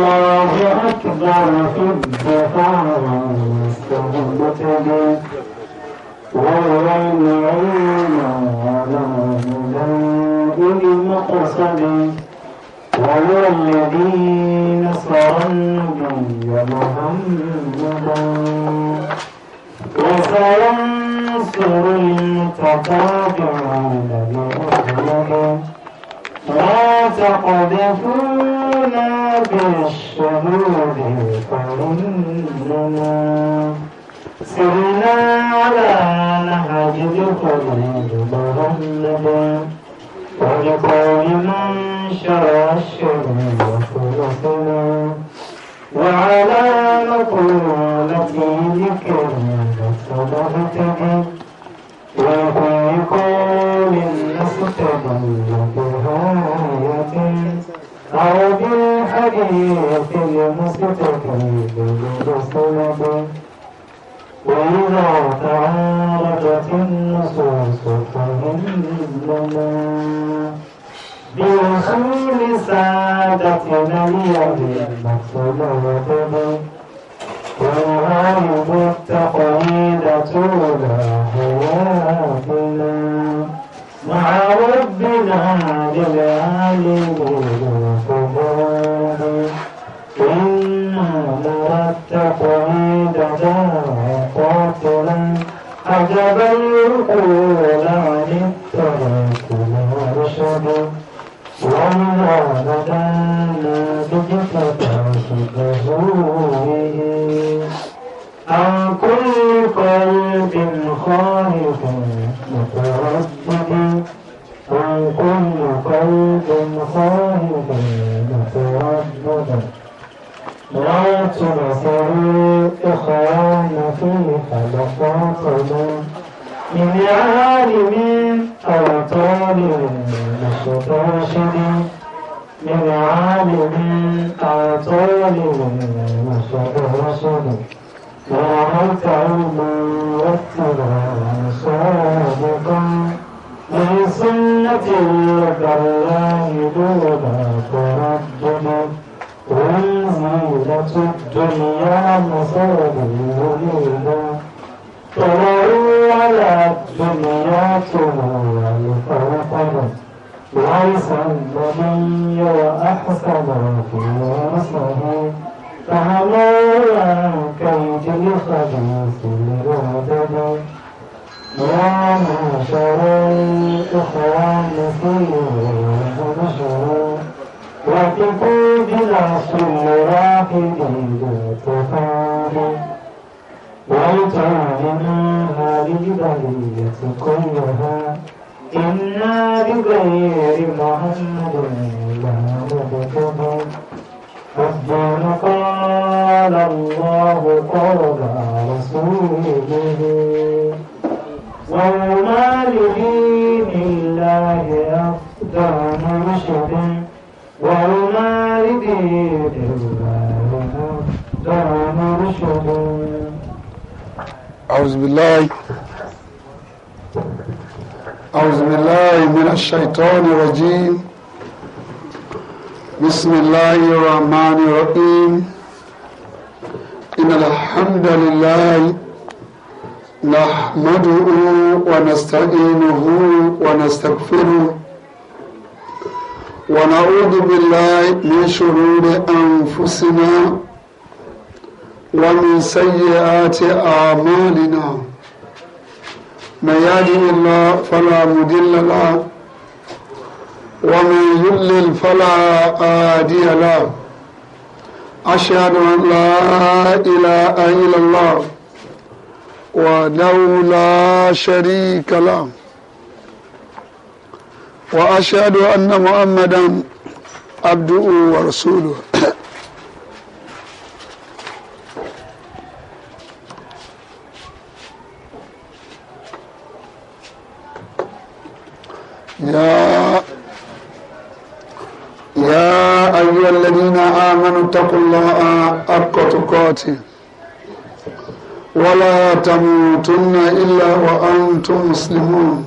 الله أكبر سبحان مستقبله غير العين ولا مدائن مقصد وهو الذي نصر النبي محمدا وسينصر المتطابعين لأهله لا تقذفوا علينا بالشهود قرنا سرنا على نهج الخليل مهلبا ولقول من شرع الشريعة خلقنا وعلى مقولة ذكر صبحتك وفي قول نستمر وفي مصدقك بالمستند وإذا تعارضت النصوص فإنما بوصول سعادتنا اليوم المقصود وطني والغالب التقويد طول حياتنا مع ربنا للعالمين تقعيد قاتلا عجبا يقول عن الطريق الارشد وما بدانا بجفة صدقه عن كل قلب خائف متردد عن كل قلب خائف متردد رأت مثلا إخوان في حلقاتنا من عالم أو طالب مسترشد من عالم أو طالب مسترشد وعدت عما واتبع صادقا من سنة يد الله دون تردد وزينة الدنيا مثاب الغنيمة فلو على الدنيا تمول القمر ليس النبي وأحسن قياسه فهمولا كيد الخبيث الغدد يا معشر الإخوان في نحر وقفوا بالعصر المراقبين تفاهم ويتعلمنا هذه البرية كلها إنا بغير محمد لا مقتضى ربنا قال الله قال رسوله وما لدين الله أفضل مرشد وهم يريد أعوذ بالله أعوذ بالله من الشيطان الرجيم بسم الله الرحمن الرحيم إن الحمد لله نحمده ونستعينه ونستغفره ونعوذ بالله من شرور أنفسنا ومن سيئات أعمالنا من يهده الله فلا مضل له ومن يضلل فلا هادي له أشهد أن لا إله إلا الله وله لا شريك له واشهد ان محمدا عبده ورسوله يا يا ايها الذين امنوا اتقوا الله حق تقاته ولا تموتن الا وانتم مسلمون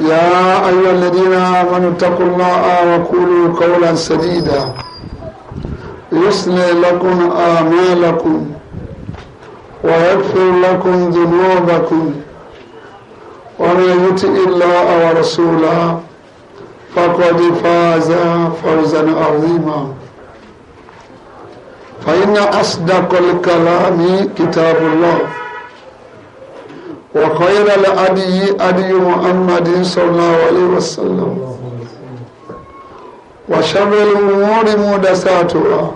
يا أيها الذين آمنوا اتقوا الله وقولوا قولا سديدا يصلح لكم أعمالكم ويغفر لكم ذنوبكم ومن يطع الله ورسوله فقد فاز فوزا عظيما فإن أصدق الكلام كتاب الله وخير الأدي أدي محمد صلى الله عليه وسلم وشر الأمور مودساتها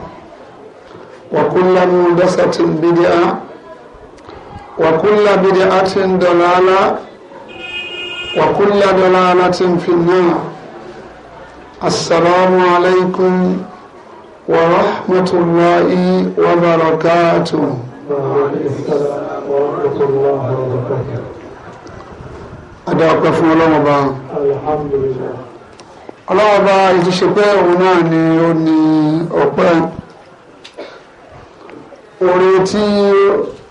وكل مودسة بدعة وكل بدعة ضلالة وكل ضلالة في النار السلام عليكم ورحمة الله وبركاته وعليكم السلام ورحمة الله وبركاته Adé ọpẹ́ fún ọlọ́run ọba. Ọlọ́run ọba ìtúnṣe pé òun náà ni ó ní ọpẹ́. Oore tí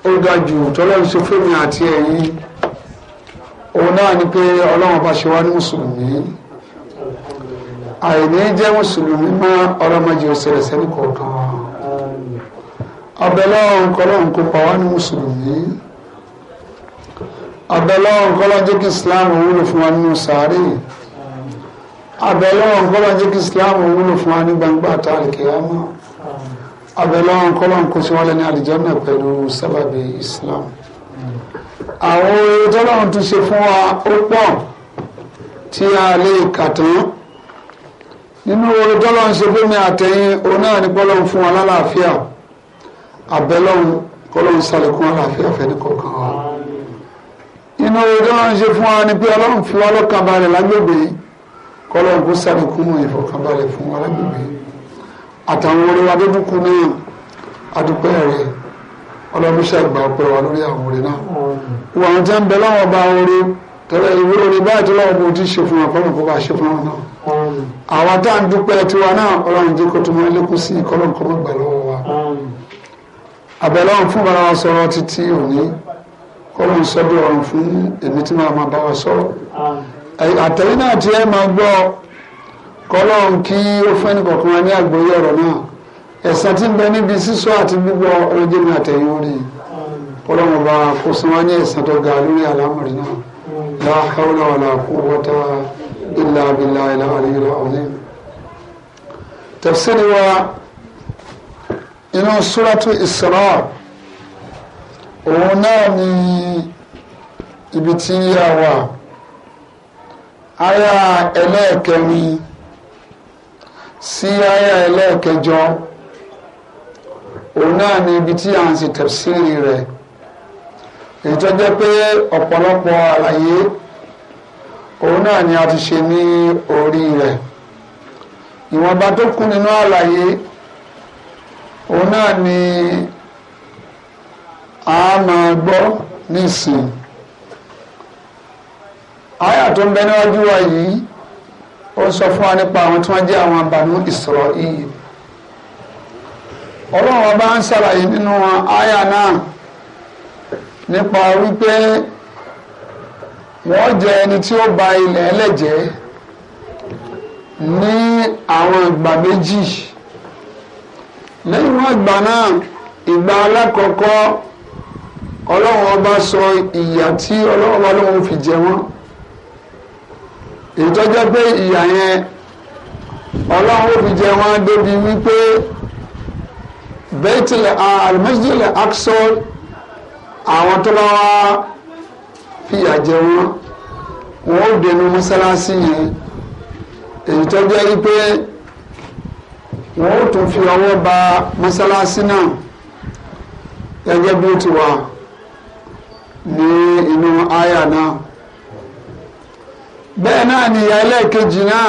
ó ga jù tọ́lọ́run ṣe fún mi àti ẹ̀yin. Òun náà ni pé ọlọ́run ọba ṣe wá ní Mùsùlùmí. Àìní jẹ́ Mùsùlùmí mọ́ ọlọ́mọdé ọ̀sẹ̀ rẹ̀ sẹ́ni abẹ́lẹ́ ọ̀hún kọ́lọ́hún kó pa wá ní mùsùlùmí abẹ́lẹ́ ọ̀hún kọ́lọ́hún jẹ́ kí islam wúlò fún wa nínú sàárè abẹ́lẹ́ ọ̀hún kọ́lọ́hún jẹ́ kí islam wúlò fún wa ní gbangba àti àlìkèyàmá abẹ́lẹ́ ọ̀hún kọ́lọ́hún kó sí wọlé ní àlìjọ́nà pẹ̀lú sábàbí islam àwọn oore tọ́lọ́hún tún ṣe fún wa ó pọ̀ tí a lè kà tán nínú oore tọ́lọ́hún ṣe fún mi àtẹ̀yìn òun náà ní pọ́lọ́hún fún wa lálàáfíà abẹ́lọ́hún kọ́lọ́hún sàlékún àlàáfíà fẹ́ni kọ̀ọ̀kan wa. inú ojú wọn ṣe fún wa ni pé ọlọ́run fi wá lọ́kàn balẹ̀ lágbègbè kọ́lọ́hún kó sàlékún ìfọ̀kànbalẹ̀ fún wa lágbègbè àtàwọn orin wa dúdú kú náà adúpẹ́ rẹ̀ ọlọ́run ṣàgbà ọpẹ́ wa lórí àwọn orin náà. wọ́n àwọn tí wọ́n ń bẹ láwọn ọba orin tẹ́lẹ̀ ìwé orin báyìí tó lọ́wọ́ bó ti ṣe fún wa kọ́lọ́hún kó ṣe fún wa náà àwa tá dúpẹ́ tiwa náà ọlọ́run jẹ́ kó tó máa lékún sí ìkọlọ́nkọ́mọ́ gbà lọ́wọ́ àbẹ̀lọ́run fún bàrà wa sọ̀rọ̀ títí òní kọ́lọ́n sọ́dọ̀ ọ̀run fún èmi tí màá máa bá wa sọ̀rọ̀ àtẹ̀yìn náà tí ẹ máa gbọ́ kọ́lọ́n kí ó fẹ́ ní kọ̀ọ̀kan wa ní àgbọ́yé ọ̀rọ̀ náà ẹ̀san tí ń bẹ níbi sísọ àti gbígbọ́ ọlọ́jẹ́ mi àtẹ̀yìn orí kọ́lọ́n ọba kò san wá ní ẹ̀san tó ga lórí àlámọ̀rí náà la inú suratu Isra òun náà ni ibi tí a wà aya ẹlẹ́ẹ̀kẹrin sí aya ẹlẹ́ẹ̀kẹjọ òun náà ni ibi tí a ń ṣe tẹ̀síìrì rẹ̀ èyí jẹ́ pé ọ̀pọ̀lọpọ̀ àlàyé òun náà ni a ti ṣe ní orí rẹ̀ ìwọ̀nba tó kú nínú àlàyé. òun náà ni a máa gbọ́ nísìn àyà tó ń bẹ níwájú wa yìí ó sọ fún wa nípa àwọn tí wọ́n jẹ́ àwọn àbànú Ísírẹ́lì ọlọ́run ọba ń ṣàlàyé nínú àyà náà nípa wípé wọ́n jẹ́ ẹni tí ó ba ilẹ̀ ẹlẹ́jẹ̀ ní àwọn ìgbà méjì. lẹ́yìn wọn gbà náà ìgbà alákọ̀ọ́kọ́ ọlọ́run ọba sọ ìyà tí ọlọ́run ọba lóun fi jẹ wọ́n èyí tó jẹ́ pé ìyà yẹn ọlọ́run ó fi jẹ wọ́n débi wípé bẹ́tìlẹ̀ àlùmọ́sídìlẹ̀ àkṣọ àwọn tó bá wá fìyà jẹ wọ́n wọ́n ó dẹnu mọ́sálásí yẹn èyí tó jẹ́ wọn tún fi ọwọ́ ba mọ́sálásí náà gẹ́gẹ́ bí ó ti wà ní inú àyà náà bẹ́ẹ̀ náà ni ìyà ẹlẹ́ẹ̀kejì náà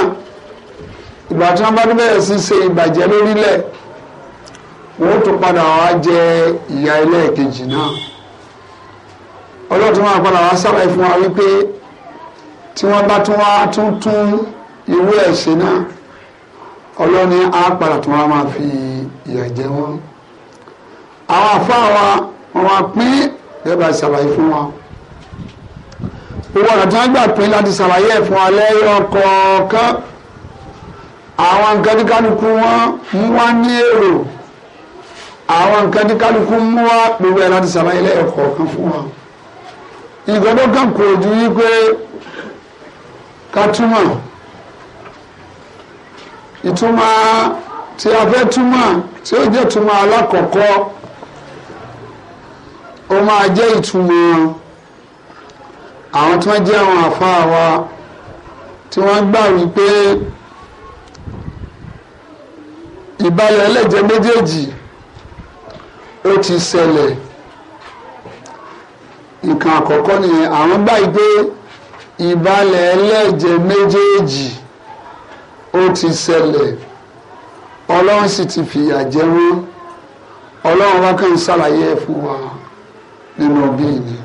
ìgbà tí wọ́n bá tún bẹ̀rẹ̀ sí ṣe ìbàjẹ́ lórílẹ̀ wọ́n tún padà wá jẹ ìyà ẹlẹ́ẹ̀kejì náà ọlọ́tún máa padà wá sábà fún wa wípé tí wọ́n bá tún wá tún tún irú ẹ̀ ṣe náà ọlọ́ni á padà tí wọ́n á máa fi ìyà jẹ wọ́n àwọn àfáà wa wọ́n máa pín bẹ́ẹ̀ bá ṣàlàyé fún wa owó ọ̀nà tí wọ́n gbà pín láti ṣàlàyé ẹ̀ fún wa lẹ́yìn ọ̀kọ̀ọ̀kan àwọn nǹkan tí kálukú wọn mú wá ní èrò àwọn nǹkan tí kálukú mú wá gbogbo ẹ̀ láti ṣàlàyé lẹ́yìn ọ̀kọ̀ọ̀kan fún wa ìgbọ́dọ̀ kan kò ju wípé ká túmọ̀ ìtumọ̀ tí a fẹ́ túmọ̀ tí ó jẹ́ túmọ̀ alákọ̀ọ́kọ́ ó máa jẹ́ ìtumọ̀ àwọn tí wọ́n jẹ́ àwọn àfáà wa tí wọ́n gbà wípé ìbalẹ̀ ẹlẹ́jẹ̀ méjèèjì ó ti ṣẹlẹ̀ nǹkan àkọ́kọ́ nìyẹn àwọn gbà wípé ìbalẹ̀ ẹlẹ́jẹ̀ méjèèjì. ó ti ṣẹlẹ̀ ọlọ́run sì ti fìyà jẹ wọ́n ọlọ́run wá kàn ṣàlàyé fún wa nínú bíi ni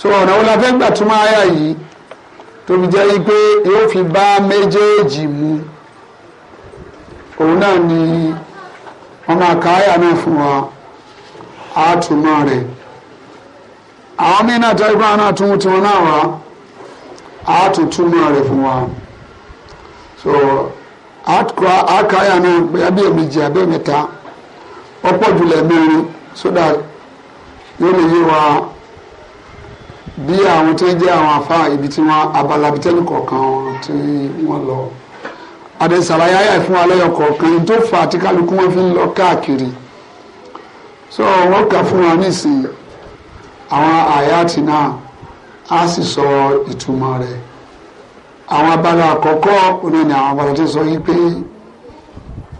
so ọ̀nà wo la fẹ́ gbà túmọ̀ àyà yìí tóbi jẹ́ pé yóò fi bá méjèèjì mu òun náà ni wọ́n máa náà fún wa àtúmọ̀ rẹ̀ àwọn mí náà náà tún náà wá àtúntúmọ̀ rẹ̀ fún wa. so àkàyà náà bóyá bí èmi jẹ abẹ́ mẹ́ta ọ̀pọ̀ jùlọ mẹ́rin so that yóò lè yé wa bí àwọn tó ń jẹ́ àwọn afa ibi tí wọn abala ibi tẹ́lẹ̀ kọ̀ọ̀kan tí wọ́n lọ àdẹ̀sàlàyé àyà fún alẹ́ ọkọ̀ọ̀kan tó fà á tí kálukú wọn fi ń lọ káàkiri so wọn kà fún wa nísìnyí àwọn àyà tì náà á sì sọ ìtumọ̀ rẹ̀. àwọn abala àkọ́kọ́ òní ni àwọn abala tó sọ yìí pé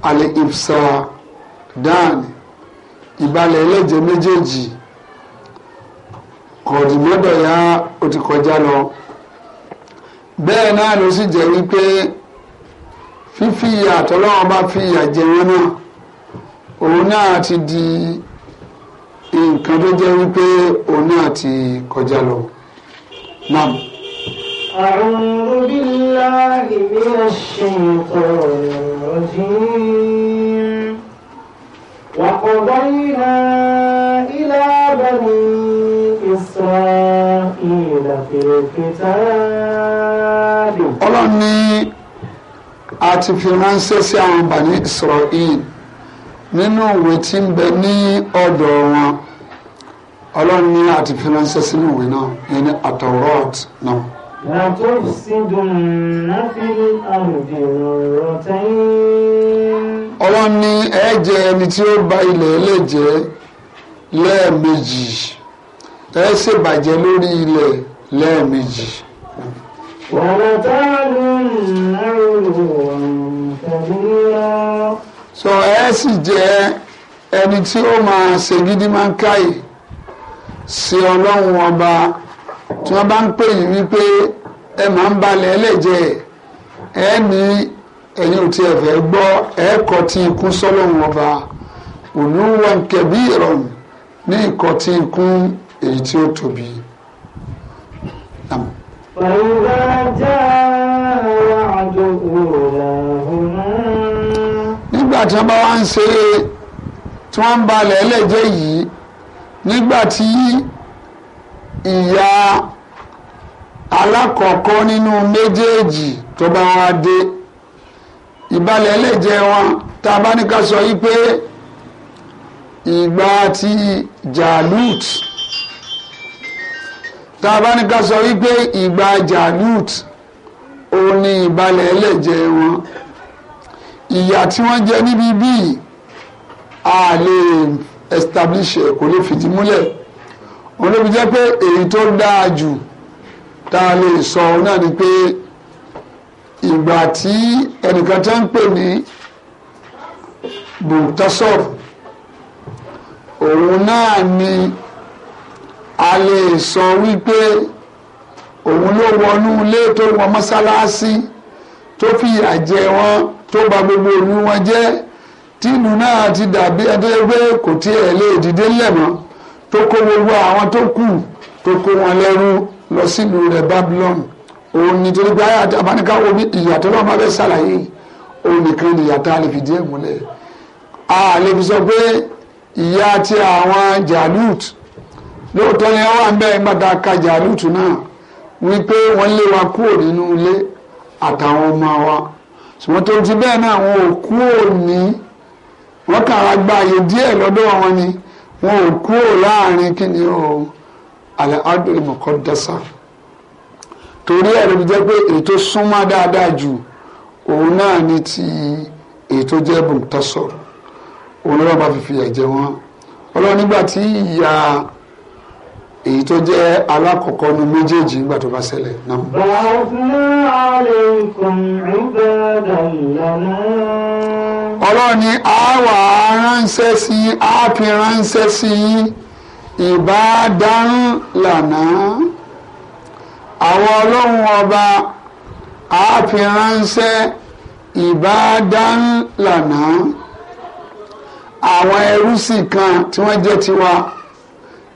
alẹ́ ìfṣà dáàni ìbalẹ̀ ẹlẹ́jẹ̀ méjèèjì ọ̀dìmọ́dọ̀ ya ó ti kọjá lọ bẹ́ẹ̀ náà ló sì jẹ́ wípé fífi ìyà àtọ́lọ́wọ́n bá fi ìyà jẹ wọn náà òun náà ti di nǹkan tó jẹ́ wípé òun náà ti kọjá lọ náà. أعوذ بالله من الشيطان الرجيم وقضينا إلى بني إسرائيل في الكتاب ọlọ́run ní a ti fi ránṣẹ́ sí àwọn bani Israel nínú ìwé tí ń bẹ ní ọ̀dọ̀ wọn ọlọ́run ní a ti sínú ìwé náà ìyẹn ní atọ́rọ́ọ̀tì náà ọlọ́run ní ẹ jẹ́ ẹni tí ó bà ilẹ̀ ẹlẹ́jẹ́ lẹ́ẹ̀mejì ẹ ṣèbàjẹ́ lórí ilẹ̀ lẹ́ẹ̀mejì. sọ ẹ sì jẹ́ ẹni tí ó máa ṣe gidi máa ń káyè sí ọlọ́run ọba tí wọ́n bá ń pè yín wípé ẹ máa ń balẹ̀ ẹlẹ́jẹ̀ ẹ ní ẹ̀yin ò tiẹ̀ fẹ́ gbọ́ ẹ kọ́ tí ikú sọ́lọ́hún ọba òlúwa nkẹ̀bí ìrọ̀rùn ní ìkọ́ tí ikú èyí tí ó tóbi. Fàyíbá já àdúgbò làhùnà. Nígbà tí wọ́n bá wá ń ṣe tí wọ́n ń balẹ̀ ẹlẹ́jẹ̀ yìí nígbà tí ìyá alákọ̀ọ́kọ́ nínú méjèèjì tó bá wá dé ìbalẹ̀ lè jẹ́ wọn tá a bá ní ká sọ yí pé ìgbà ti Jalut tá a bá ní ká sọ yí pé ìgbà Jalut òun ni ìbalẹ̀ ẹlẹ́jẹ̀ wọn ìyà tí wọ́n jẹ níbi bíi a establish kò lè fìdí múlẹ̀ òun ló fi jẹ́ pé èyí tó dáa jù tá a lè sọ náà ni pé ìgbà tí ẹnìkan tó ń pè ní bùtọ́sọ̀f òun náà ni a lè sọ wípé òun ló wọnú ilé tó wọ mọ́sálásí tó fìyà jẹ wọn tó bà gbogbo ìlú wọn jẹ́ tìlú náà ti dàbí ẹgbẹ́ pé kò tiẹ̀ lè dìde lẹ̀ tó kó gbogbo àwọn tó kù tó kó wọn lẹ́rú lọ sílùú rẹ̀ Babylon òun nítorí pé àyà àbáníká omi ìyàtọ̀ náà má fẹ́ ṣàlàyé òun nìkan ni ìyàtọ̀ àlè fìdí ẹ̀ múlẹ̀ a lè fi sọ pé ìyá ti àwọn Jàlút lóòótọ́ ni wọ́n wà ń bẹ́ẹ̀ gbàdá ka Jàlút náà wípé wọ́n lé wa kúrò nínú ilé àtàwọn ọmọ wa ṣùgbọ́n tó ti bẹ́ẹ̀ náà wọn ò kúrò ní wọ́n kàrà gba àyè díẹ̀ lọ́dọ̀ wọn ni. So, wọn ò kúrò láàrin kí ni o àlẹ́ adúlù mọ̀kọ́ dẹ́sà torí ẹ̀rọ mi jẹ́ pé ètò súnmọ́ dáadáa jù òun náà ni ti ètò jẹ́ bùntọ́sọ̀ òun ló bá fi fìyà jẹ wọ́n ọlọ́run nígbà tí ìyá èyí tó jẹ́ alákọ̀ọ́kọ́ ní méjèèjì nígbà tó bá ṣẹlẹ̀ náà. bàbá àlèkùn ìbàdàn lọ́nà. ọlọ́run ni àwa ránṣẹ́ sí i àfi ránṣẹ́ sí i ìbàdàn lọ́nà. àwọn ọlọ́run ọba àfi ránṣẹ́ ìbàdàn lọ́nà. àwọn ẹrú sì kan tí wọ́n jẹ́ tiwa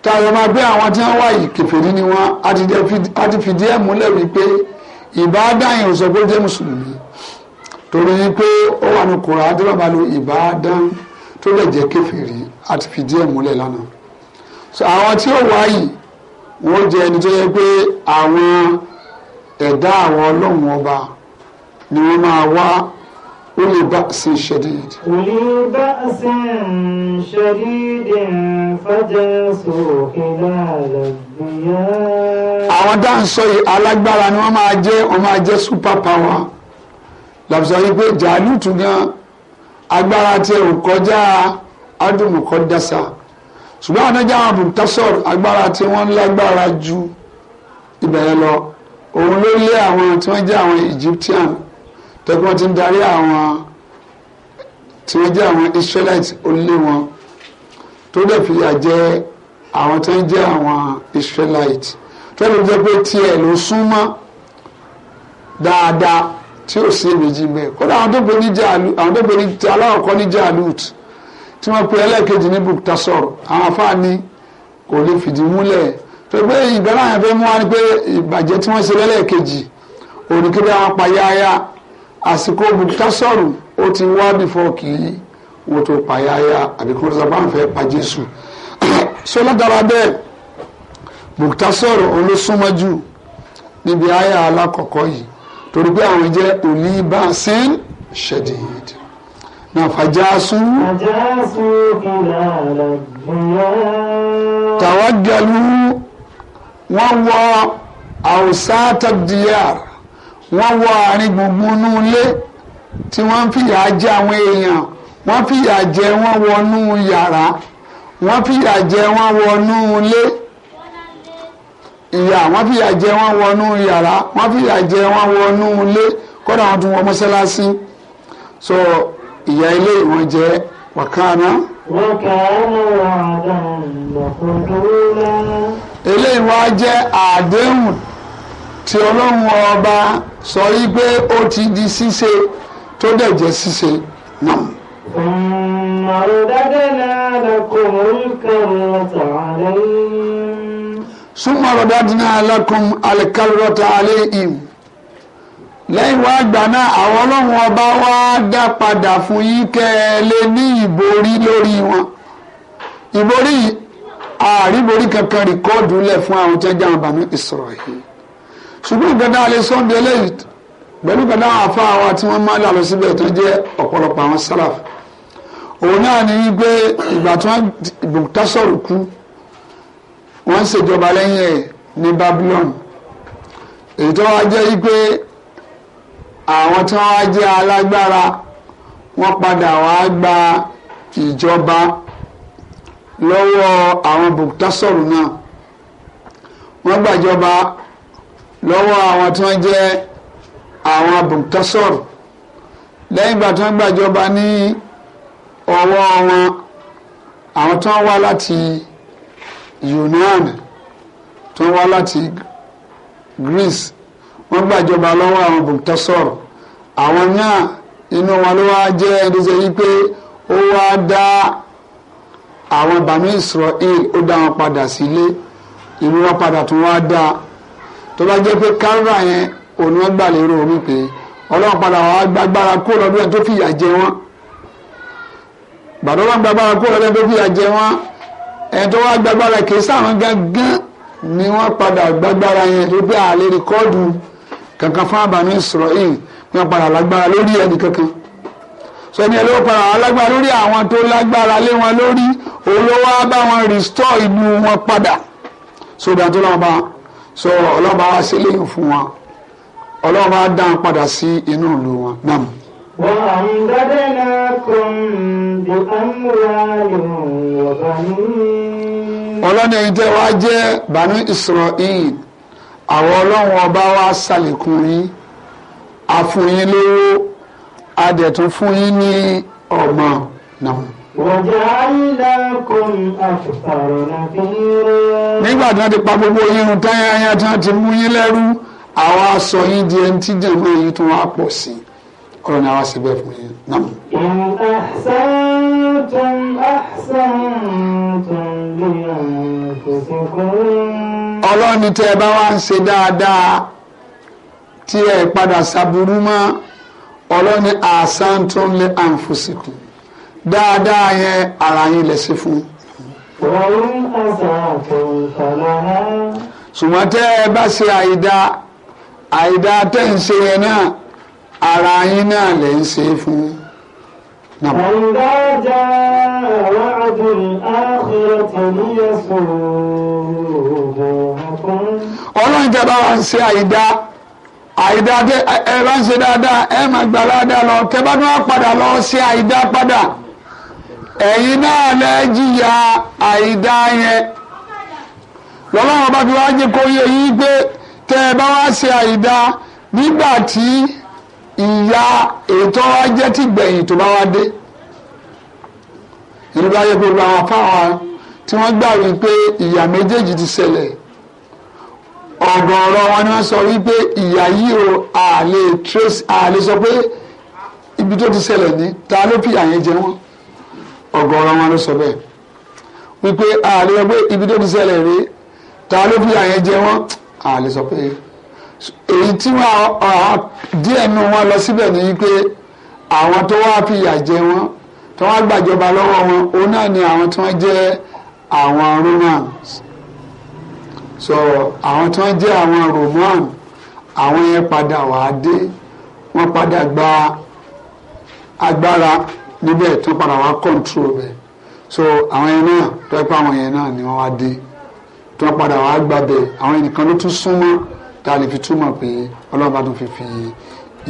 táyọ̀ máa gbé àwọn tí wọ́n wá yìí kèfèrí ni wọ́n á ti fìdí ẹ̀ múlẹ̀ wípé ìbádáyìn ò sọ pé jẹ́ mùsùlùmí torí pé ó wà ní kura tí wọ́n bá lo ìbádán tó lè jẹ́ kèfèrí á ti fìdí ẹ̀ múlẹ̀ lánàá so àwọn tí ó wá yìí wọ́n jẹ́ ẹni tó yẹ pé àwọn ẹ̀dá àwọn ọlọ́run ọba ni wọ́n máa wá أولي بأس شديد أولي بأس شديد فجلسوا خلال الديار àwọn tá à ń sọ yìí alágbára ni wọ́n máa jẹ́ wọ́n máa jẹ́ super power làbùsọ̀ yìí pé jàlúùtù gan agbára tiẹ̀ ò kọjá adùnmùkọ́ dasa ṣùgbọ́n ànájà àwọn àbùtásọ̀rọ̀ agbára tí wọ́n lágbára ju ibẹ̀ yẹn lọ òun ló lé Egyptian tẹ́gbọ́n ti ń darí àwọn tí wọ́n jẹ́ àwọn Israelite ó lé wọn tó dẹ̀ fìyà jẹ àwọn tó ń jẹ́ àwọn Israelite tó lè jẹ́ pé tiẹ̀ ló súnmọ́ dáadáa tí ò sí èméjì bẹ́ẹ̀ kódà àwọn tó pe ní jaalu àwọn tó pe ní ti aláwọ̀kọ́ ní jaalut tí wọ́n pe ẹlẹ́ẹ̀kejì ní buktasor àwọn afáàní kò lè fìdí múlẹ̀ tó pé ìgbà láwọn ẹ̀fẹ́ mú wa ni pé ìbàjẹ́ tí wọ́n ṣe lẹ́lẹ́ẹ̀kejì òní kébé àwọn payáyá àsìkò bùkítàsọ̀rù ó ti wá bìfọ́ kì í wọ́n tó pàyàyà àbí kó lọ́sàbà ń fẹ́ pa jésù so látara bẹ́ẹ̀ bùkítàsọ̀rù olóṣùmọ́jú níbi àyà alákọ̀ọ́kọ́ yìí torí pé àwọn jẹ́ òní bá a sin shadid náà fàjásù. fàjásù kìlà rẹ̀ gbìyà. tàwa gẹ̀lú wọ́n wọ àwùsá tàbí díyàrá wọ́n wọ àárín gbùngbùn inú ilé tí wọ́n ń fìyà jẹ àwọn èèyàn wọ́n fìyà jẹ wọ́n wọnú yàrá wọ́n fìyà jẹ wọ́n wọnú ilé ìyà wọ́n fìyà jẹ wọ́n wọnú yàrá wọ́n fìyà jẹ wọ́n wọnú ilé kódà wọ́n tún wọ mọ́sálásí so ìyà ilé ìwọ̀n jẹ wàkánná. wàkánná wàdàn lọ́kùnrin náà. eléyìí wá jẹ́ àdéhùn tí ọlọ́run ọba sọ yí pé ó ti di ṣíṣe tó dẹ̀ jẹ́ ṣíṣe náà. Súnmọ́ rọ̀dádínà alákùn alikálọ́tà alẹ́ im. Lẹ́yìn wá gbà náà, àwọn ọlọ́run ọba wá dá padà fún yín kẹ́ ẹ lé ní ìborí lórí wọn. Ìborí àríborí kankan rìkọ́ọ̀dù lẹ̀ fún àwọn tó jẹ́ àwọn bàmí Ísírẹ́lì yìí ṣùgbọ́n nǹkan náà lè sọ́n di eléyìí pẹ̀lú nǹkan náà àfa àwọn tí wọ́n máa ń lọ síbẹ̀ tó jẹ́ ọ̀pọ̀lọpọ̀ àwọn sálàf òun náà ní wípé ìgbà tí wọ́n bùkútásọ̀rù kú wọ́n ń ṣèjọba lẹ́yìn ẹ̀ ní Babylon èyí tó wá jẹ́ wípé àwọn tí wọ́n wá jẹ́ alágbára wọ́n padà wá gba ìjọba lọ́wọ́ àwọn bùkútásọ̀rù náà wọ́n gbàjọba lọ́wọ́ àwọn tí wọ́n jẹ́ àwọn abùntásọ̀rù lẹ́yìn ìgbà tí wọ́n gbàjọba ní ọwọ́ wọn àwọn tí wọ́n wá láti Yunnan tí wọ́n wá láti Greece wọ́n gbàjọba lọ́wọ́ àwọn abùntásọ̀rù àwọn náà inú wọn ló wá jẹ́ ẹni tó ṣe yí pé ó wá dá àwọn bàmí Israel ó dá wọn padà sílé ìlú wọn padà tó wá dá tó bá jẹ́ pé kámẹ́rà yẹn òun wọn gbà lérò wípé ọlọ́run padà wà gbàgbára kó lọ́dún ẹ̀ tó fìyà jẹ wọ́n gbàdọ́ wọn gbàgbára kó lọ́dún ẹ̀ tó fìyà jẹ wọ́n ẹ̀ tó wá gbàgbára kì í sáwọn gángan ni wọ́n padà gbàgbára yẹn tó pé àlè rìkọ́ọ̀dù kankan fún àbàmì sọ̀rọ̀ yìí wọ́n padà lágbára lórí ẹnì kankan sọni ẹlẹ́wọ́ padà wà lágbára lórí àwọn tó lágbára lé wọn lórí olówó á bá ìlú wọn padà sódà tó lọ́wọ́ bá wọn so ọlọ́ba wa ṣe léyìn fún wọn ọlọ́ba wa dá wọn padà sí inú ìlú wọn náà. وأمددناكم بأموال وبنين ọlọ́ni ẹ̀yin tẹ́ wá jẹ́ bani israel àwọn ọlọ́run ọba wa ṣàlékún yín a fún yín lówó a dẹ̀ tún fún yín ní ọmọ náà nígbà tí wọ́n ti pa gbogbo irun táyáyá tí wọ́n ti mú yín lẹ́rú àwa sọ yín di ẹni tí jẹ̀mú èyí tó wá pọ̀ sí i ọ̀rọ̀ ni àwa sì bẹ́ẹ̀ fún yín náà. in ahsantum ahsantum li anfusikum. ọlọ́ni tẹ́ ẹ bá wá ń ṣe dáadáa tí ẹ padà ṣàbùrú mọ́ ọlọ́ni ahsantum li anfusikum dáadáa yẹn ara yín lẹ ṣe fún. ṣùgbọ́n tẹ́ ẹ bá ṣe àìdá àìdá tẹ́ ń ṣe yẹn náà ara yín náà lẹ ń ṣe fún. Àyìnbá já àwọn ọdún àkìrọ̀ tẹ̀lé ẹ̀sùn ọlọ́run tẹ bá wa ń ṣe àyídá àyídá tẹ ẹ bá ń ṣe dáadáa ẹ máa gbà dáadáa lọ tẹ bá tún wá padà lọ ṣe àyídá padà ẹ̀yin náà lẹ jìyà àìdá yẹn lọ́lọ́run bá fi wá jẹ́ kó yé yín pé tẹ́ ẹ bá wá ṣe àìdá nígbà tí ìyá ètò wa jẹ́ ti gbẹ̀yìn tó bá wá dé ìlú bá yẹ gbogbo àwọn afáwọn tí wọ́n gbà wípé ìyà méjèèjì ti ṣẹlẹ̀ ọ̀gọ̀ọ̀rọ̀ wọn ni wọ́n sọ wípé ìyà yìí o àlè trace àlè sọ pé ibi tó ti ṣẹlẹ̀ ní ta ló fìyà yẹn jẹ ọ̀gọ̀rọ̀ wọn ló sọ bẹ́ẹ̀ wípé ààrẹ ọgbẹ́ ibi tó ti ṣẹlẹ̀ rí ta ló fi àyẹn jẹ wọn ààrẹ sọ pé èyí tí wọn díẹ̀ nù wọn lọ síbẹ̀ ni wípé àwọn tó wá fi ìyà jẹ wọn tó wá gbàjọba lọ́wọ́ wọn òun náà ni àwọn tí wọ́n jẹ́ àwọn romans so àwọn tí wọ́n jẹ́ àwọn roman àwọn yẹn padà wàá dé wọ́n padà gba agbára níbẹ̀ tó padà wá control bẹ̀ so àwọn yẹn náà tó ẹ pé àwọn yẹn náà ni wọ́n wá dé tó padà wá gbàbẹ̀ àwọn ẹnìkan ló tún súnmọ́ tá a lè fi túmọ̀ pé ọlọ́run bá tún fi fi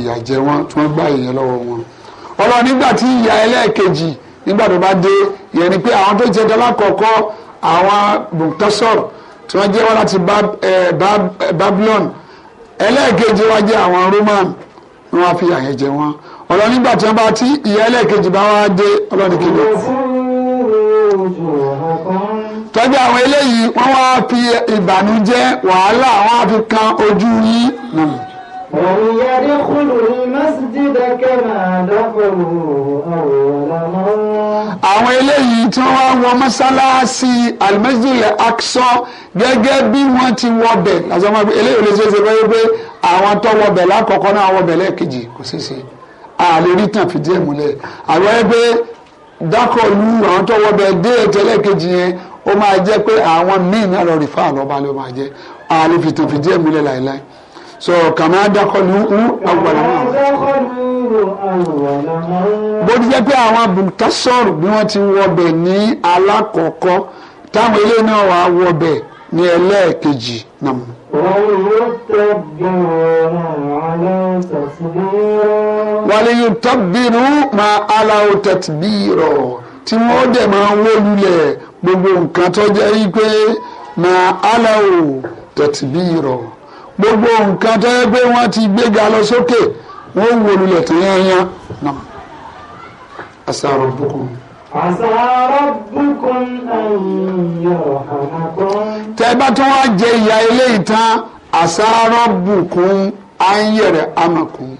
ìyà jẹ wọn tí wọ́n gbá ìyẹn lọ́wọ́ wọn ọlọ́run nígbà tí ìyà ẹlẹ́ẹ̀kejì nígbà tó bá dé ìyẹn ni pé àwọn tó jẹ dọ́là kọ̀ọ̀kọ́ àwọn bùkásọ̀r tí wọ́n jẹ́ wá láti Babylon ẹlẹ́ẹ̀kejì wá jẹ́ àwọn Roman ni wọ́n fi àyẹ̀ wọn ọlọ́run nígbà tí wọ́n bá tí ìyá ẹlẹ́ẹ̀kejì bá wá dé ọlọ́run ní kíni. tọ́jú àwọn eléyìí wọ́n wá fi ìbànújẹ́ wàhálà wọ́n á fi kan ojú yín. Àwọn eléyìí tí wọ́n wá wọ mọ́sálásí Al-Masjidil Aqsa gẹ́gẹ́ bí wọ́n ti wọbẹ̀. Àti eléyìí olóṣèlú ṣe wáyé àwọn tó wọbẹ̀ lákọ̀ọ́kọ́ náà wọbẹ̀ lẹ́ẹ̀kejì kò ṣeé ṣe àlè rí tàn fìdí ẹ̀ múlẹ̀ àwọn ẹgbẹ́ dákọ̀ lu àwọn tọwọ́ bẹ dé ètẹ́lẹ̀ kejì yẹn ó máa jẹ́ pé àwọn míì náà lọ rí fáà lọ́ba ló máa jẹ́ àlè fi fìdí ẹ̀ múlẹ̀ láìláì so kàmá dákọ̀ lu ú agbára náà. bó ti jẹ́ pé àwọn bùkásọ̀rù bí wọ́n ti wọbẹ̀ ní alákọ̀ọ́kọ́ táwọn ilé náà wà wọbẹ̀ ní ẹlẹ́ẹ̀kejì náà. wàlíyùtọ́bìrú ma aláwọ̀ tẹ̀tìbìrọ̀ tí wọ́n dẹ̀ ma ń lulẹ̀ gbogbo nkan tó jẹ́ yí ma aláwọ̀ tẹ̀tìbìrọ̀ gbogbo nkan tó jẹ́ pé wọ́n ti gbéga lọ sókè wọ́n wó lulẹ̀ tó àṣà rabbukum jẹ ìyá eléyìí tán àṣà rabbukum an yarhamakum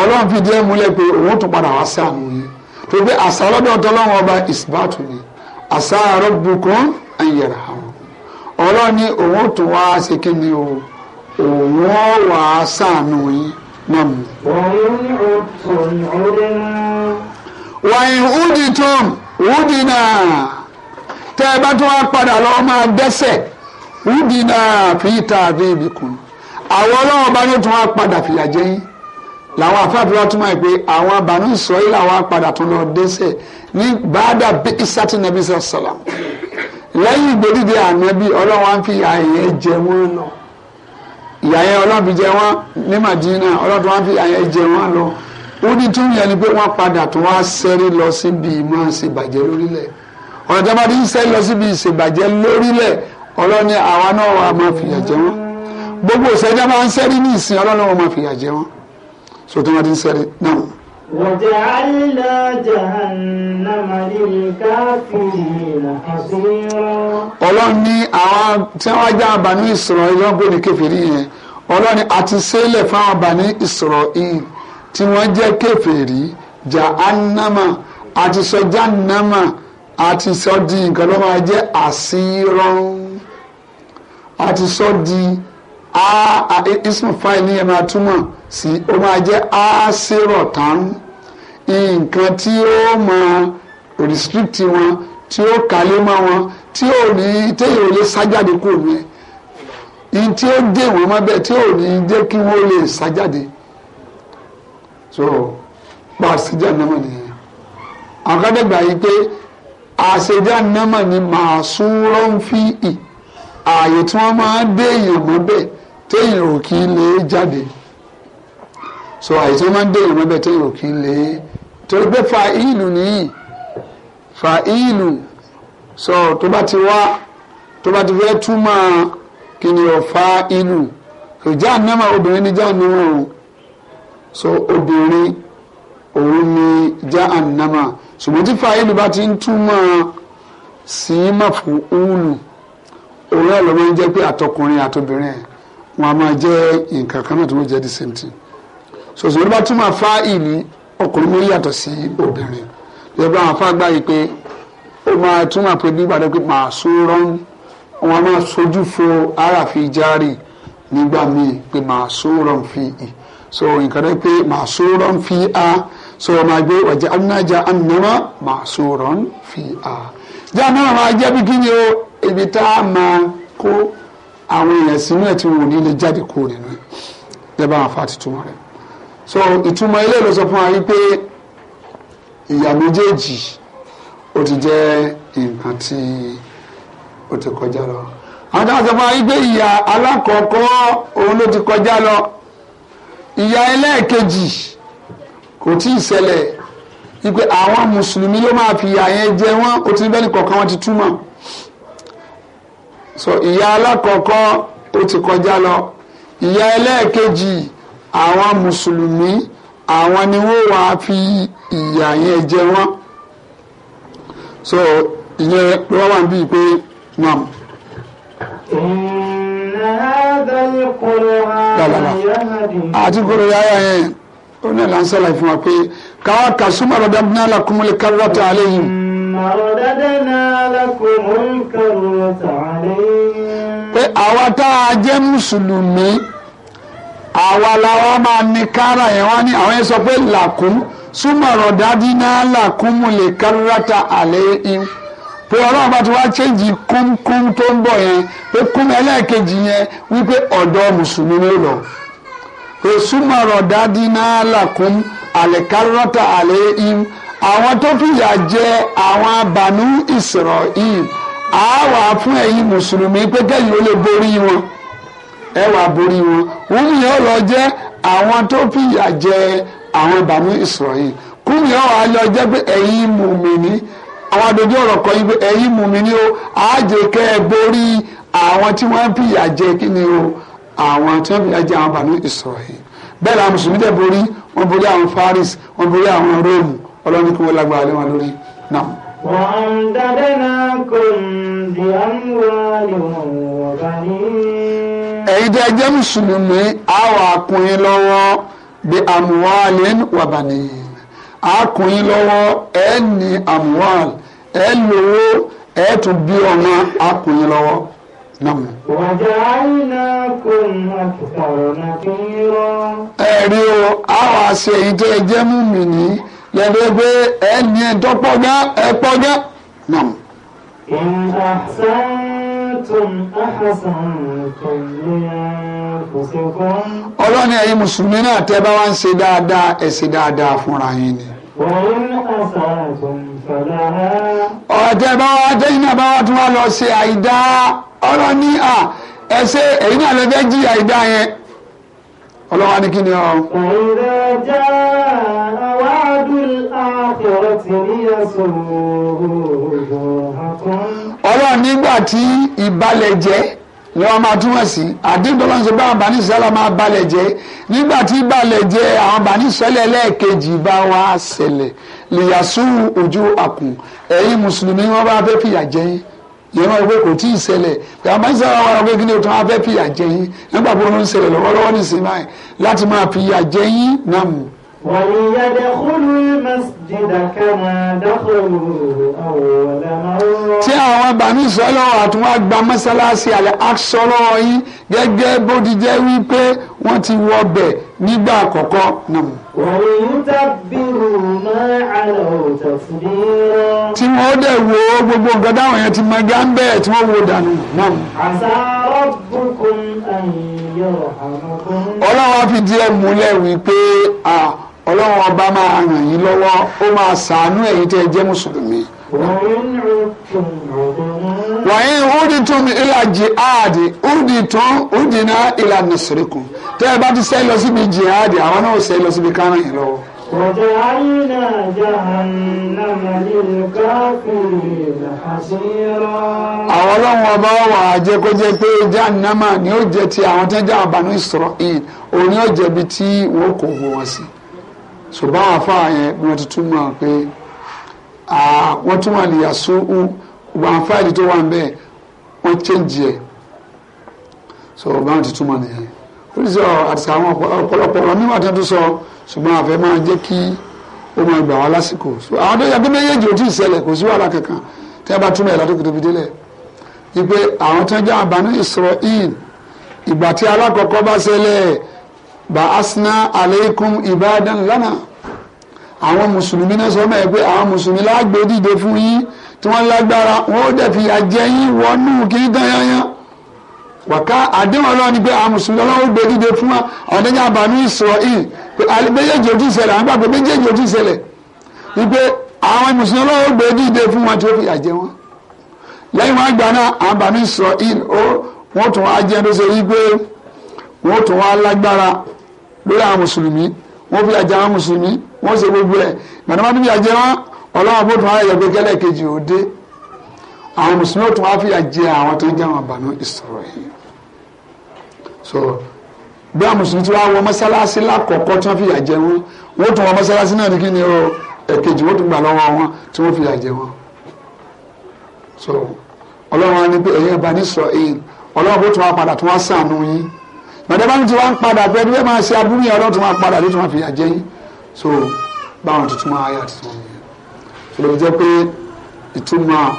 ọlọ́run fi díẹ̀ múlẹ̀ pé òun tún padà wá sí yìí tó gbé àṣà ọlọ́dọ̀ tọ́lọ́run ọba ìsìbáàtù ni àṣà rabbukum an yarhamakum ọlọ́run ní òun tún wá ṣe kí ni o òun wàyí wúdi tún wúdi náà tẹ́ ẹ bá tún wá padà lọ́wọ́ máa dẹ́sẹ̀ wúdi náà fi ta àbí ibi kun àwọn ọlọ́wọ́ bá ní tún wá padà fìyà jẹ yín làwọn afáàfin wa tún máa pé àwọn àbànú ìsọ̀rí làwọn padà tún lọ dẹ́sẹ̀ ní bàdà bíkísàtì nàbí sàlá lẹ́yìn ìgbòdìdì ànábì ọlọ́wọ́ fi àyẹ̀ jẹ wọ́n lọ ìyà yẹn ọlọ́run ní Màdínà ọlọ́run á fi àyẹ̀ jẹ wọ́n lọ ó ní tí wọ́n yẹn ni pé wọ́n padà tó wá sẹ́rí lọ síbi máa ń ṣèbàjẹ́ lórílẹ̀ ọ̀rọ̀ tí a bá ti ń sẹ́rí lọ síbi ìṣèbàjẹ́ lórílẹ̀ ọlọ́ni àwa náà wà máa fìyà jẹ wọ́n gbogbo ìṣẹ́jú a máa ń sẹ́rí ní ìsìn ọlọ́ni wọ́n máa fìyà jẹ wọ́n so tí wọ́n ti ń sẹ́rí náà. وجعلنا جهنم للكافرين حصيرا. ọlọ́run ní àwọn tí wọ́n já àbánú ìsọ̀rọ̀ ìlọ́gbọ̀n ní kẹfìrí yẹn ọlọ́run àti sẹ́lẹ̀ fáwọn àbánú ìsọ̀rọ̀ yìí tí wọ́n jẹ́ kèfèrí jahannama àti sọ jahannama àti sọ di nǹkan tó máa jẹ́ àsírọ́n àti sọ di e, ismafail ní ẹ̀ máa túmọ̀ sí ó máa jẹ́ àsírọ̀tán nǹkan tí ó máa restrict wọn tí ó kàlé mọ́ wọn tí ò ní téèyàn ò lè sájáde kúrò ní ẹ̀ ó dé wọn mọ́ bẹ́ẹ̀ tí ò ní jẹ́ kí wọ́n lè sájáde so pàṣẹjà nàmà nìyẹn àwọn kan dẹgbà yìí pé àṣẹjà nàmà ni màá súnrọ ń fi ì ààyè tí wọn máa dé èèyàn mọ́bẹ̀ téèyàn ò kí lè jáde so ààyè tí wọn máa dé èèyàn mọ́bẹ̀ téèyàn ò kí lè torí pé fa ìlú nìyí fa ìlú so tó bá ti wá tó bá ti fẹ́ túmọ̀ kí ni ọ̀fà ìlú ìjà nàmà obìnrin ní jà nàmà o so obìnrin òun ni jahannama ṣùgbọ́n tí fàáyìlì bá ti ń túmọ̀ sí màfún úlù òun náà ló máa ń jẹ́ pé àtọkùnrin àtobìnrin ẹ̀ wọn a máa jẹ́ nǹkan kan náà tó wọ́n jẹ́ the same thing so ṣùgbọ́n tí bá túmọ̀ fàáyìlì ọkùnrin mi yàtọ̀ sí obìnrin lẹ́gbẹ́ àwọn afáàgbà yìí pé ó máa túmọ̀ pé bí ìbàdàn pé màá sún rán wọn máa sojú fo ara fi járì nígbà míì pé màá sún rán fi ì so nǹkan rẹ pé màsúrọ̀n fi a so máa gbé wàjà anájà anamọ màsúrọ̀n fi a já náà máa jẹ́ bí ni o ibi tá a máa àwọn èèyàn sínú ẹ̀ tí wọn ò ní lè jáde kó nínú ẹ̀ yẹ bá wọn túmọ̀ rẹ̀ so ìtumọ̀ ilé ló sọ fún wa wípé ìyá méjèèjì ó ti jẹ́ nǹkan tí ó ti kọjá lọ àwọn táwọn sọ fún wa wípé ìyá alákọ̀ọ́kọ́ òun ló ti kọjá lọ ìyà ẹlẹ́ẹ̀kejì kò tí ì ṣẹlẹ̀ wípé àwọn mùsùlùmí ló máa fi ìyà yẹn jẹ wọ́n ó ti ní bẹ́ẹ̀ nìkọ̀ọ̀kan wọn ti túmọ̀ so ìyà alákọ̀ọ́kọ́ ó ti kọjá lọ ìyà ẹlẹ́ẹ̀kejì àwọn mùsùlùmí àwọn ni wọ́n wá fi ìyà yẹn jẹ wọ́n so ìyẹn ló wà ń bí pé nam àti kúrò yáyà yẹn ó ní là ń sọ̀rọ̀ fún wa pé káwá kà súnmọ́ ọ̀rọ̀ dábìnrin náà lakumul karrata alayhim. pé àwa tá a jẹ́ mùsùlùmí àwa làwa máa ní kára yẹn wá ní àwọn yẹn sọ pé làkún súnmọ́ ọ̀rọ̀ dábìnrin náà lakumul karrata alayhim. pé ọlọ́run bá ti wá chẹ́ǹjì kúmkúm tó ń bọ̀ yẹn pé kúm ẹlẹ́ẹ̀kejì yẹn wípé ọ̀dọ́ mùsùlùmí lọ. èsùmọ̀rọ̀ dádí náà làkún àlẹ́kárọ́tà àlẹ́ im àwọn tó fìyà jẹ àwọn abànú fún mùsùlùmí pé wọn borí wọn wọn lọ jẹ àwọn tó fìyà jẹ àwọn abànú Israel kúmi ọ̀ jẹ́ pé àwọn adojú ọ̀rọ̀ kọ yín mú mi ní o àájẹ kẹ́ ẹ borí àwọn tí wọ́n fìyà jẹ kí ni o àwọn tí wọ́n fìyà jẹ àwọn bàánú Ísírẹ́lì bẹ́ẹ̀ làwọn mùsùlùmí dẹ̀ borí wọ́n borí àwọn Faris wọ́n borí àwọn Róòmù ọlọ́run ní kí wọ́n lágbára lé wọn lórí náà. ẹ̀yin tí a jẹ́ mùsùlùmí àwọn àkùnrin lọ́wọ́ bí àmúwálé wàbàní àkùnrin lọ́wọ́ ẹ̀ ní àmúwálé ẹ lówó ẹ tún bí ọmọ akùnrin lọ́wọ́ náà. wàjà àìná kò má tùkọ̀rọ̀ náà fi ń rọ. ẹ rí o àwọn àṣẹ èyí tó ẹ jẹ́ mú mi ní yẹ́dẹ́ pé ẹ ní ẹ tó gá ẹ pọ̀ gá náà. ìhà sáyẹn ọlọ́ni ẹ̀yin mùsùlùmí náà tẹ́ bá wá ń ṣe dáadáa ẹ ṣe dáadáa fúnra yín ni ọ̀tẹ̀ bá wa tẹ́yìn náà bá wa tún wá lọ ṣe àìdá ọ̀rọ̀ ní à ẹ̀ṣẹ̀ èyí náà lè fẹ́ jí àìdá yẹn ọlọ́wà ní kí ni ọ. ọ̀rẹ́ já àwádùn àkọ̀rọ̀ tí ní ẹ̀sùn ọ̀rọ̀ àkọ́. nígbà tí ìbalẹ̀ jẹ́ ni wọ́n máa túmọ̀ sí àdínkùtọ́lá ń sọ bá bani sẹ́lá máa balẹ̀ jẹ́ nígbà tí balẹ̀ jẹ́ àwọn bani sẹ́lẹ̀ lẹ́ẹ̀kejì bá wá ṣẹlẹ̀ lìyàsú ojú àkùn ẹ̀yin mùsùlùmí wọ́n bá fẹ́ fìyà jẹ yín yẹn wọ́n pé kò tí ì ṣẹlẹ̀ àwọn bani sẹ́lá wà wọ́n gbé tó wọ́n fẹ́ fìyà jẹ yín nígbà tó ń ṣẹlẹ̀ lọ́wọ́lọ́wọ́ nísìnyí láti máa fìyà jẹ yín náà mú àwọn bàmí ìsọ́lọ́wọ́ àti àlẹ́ àṣọlọ́wọ́ yín gẹ́gẹ́ bó ti jẹ́ wípé wọ́n ti wọ bẹ̀ nígbà àkọ́kọ́ náà. òun tábìrù náà àlọ́ òtọ̀ fúdí rẹ̀. tí wọ́n dẹ̀ wo gbogbo nǹkan táwọn yẹn ti mọ gáńbẹ́ tí wọ́n wo dànù náà. àṣà rọ́bùkún ayọ̀ àmọ́kún. ọlọ́wọ́ fi díẹ̀ múlẹ̀ wípé ọlọ́wọ́ ọba máa ràn yín lọ́wọ́ ó máa ṣàánú ẹ̀yin tẹ́ ẹ jẹ́ mùsùlùmí. òun rò wàyí húdìtún ìlàjì áàdì húdìtún húdìnà ìlànà sòrékùn tẹ́ ẹ bá ti sẹ́yìn lọ síbi jihadi àwọn náà sẹ́yìn lọ síbi kárán yìí lọ́wọ́. وجعلنا جهنم للكافرين حصيرا. àwọn ọlọ́run ọba wà á jẹ́ kó jẹ́ pé jahannama ni ó jẹ́ ti àwọn tó jẹ́ àbánú Israel òun ni ó jẹ̀bi tí wọ́n kò wọ́ wọn sí. ṣùgbọ́n àfa yẹn wọ́n ti túmọ̀ pé wọ́n túmọ̀ lìyà sóhùn gbogbo àwọn fáìlì tó wà níbẹ̀ wọ́n change ẹ̀ so báwọn ti túmọ̀ nìyẹn oríṣi àti àwọn ọ̀pọ̀lọpọ̀ ọ̀rọ̀ mímọ̀ tó ń tún sọ ṣùgbọ́n àfẹ́ máa jẹ́ kí ó máa gbà wá lásìkò so àwọn tó yẹ kí méjèèjì ò tí ì ṣẹlẹ̀ kò sí wàhálà kankan tí a bá túmọ̀ ẹ̀ látòkè tóbi délẹ̀ wípé àwọn tó ń jẹ́ àbánú Israel ìgbà tí alákọ̀ọ́kọ́ bá ṣẹlẹ̀ bá asná aleikum ibadan lánàá àwọn mùsùlùmí náà sọ mẹ́ẹ̀ pé àwọn mùsùlùmí lágbè dìde fún yín tí wọ́n lágbára wọn ó dẹ̀ fi àjẹ yín wọnú kí ní tán yányán wàká àdéhùn ọlọ́run ni pé àwọn mùsùlùmí ọlọ́run ó gbé dìde fún wa àwọn ọ̀dẹ́jà àbàmì Ísírẹ́lì pé méjèèjì ojú ìṣẹ̀lẹ̀ àwọn gbàgbé méjèèjì ojú ìṣẹ̀lẹ̀ wípé àwọn mùsùlùmí ọlọ́run ó gbé dìde fún wọn tí ó fi àjẹ wọn lẹ́yìn wọn àgbà náà àwọn àbàmì Ísírẹ́lì wọ́n tún wá jẹ́ lóṣè wípé wọ́n tún wá lágbára lórí àwọn mùsùlùmí wọ́n fi àjẹ àwọn mùsùlùmí wọ́n ṣe gbogbo ẹ̀ gbàdúrà níbi àjẹ wọn ọlọ́run bó tún wá yẹ pé kẹ́lẹ́ kejì ò dé àwọn mùsùlùmí tún wá fìyà jẹ àwọn tó jẹ́ àwọn àbànú ìsọ̀rọ̀ yìí so bí àwọn mùsùlùmí tí wọ́n wọ mọ́sálásí lákọ̀ọ́kọ́ tí wọ́n fìyà jẹ wọn wọ́n tún wọ mọ́sálásí náà ní kí ni o ẹ̀kejì wọ́n tún gbà lọ́wọ́ wọn tí wọ́n fìyà jẹ wọn so ọlọ́run á ní pé ẹ̀yin ẹ̀bà ní sọ èyí ọlọ́run bó tún wá padà tún wá sànú yín gbàdébánú tí wọ́n ń padà pé ẹbí bẹ́ẹ̀ máa ṣe abúlé ọlọ́run tún wá padà ló tún wá fìyà jẹ yín so báwọn tuntun máa yà tuntun nìyẹn so ló jẹ́ pé ìtumọ̀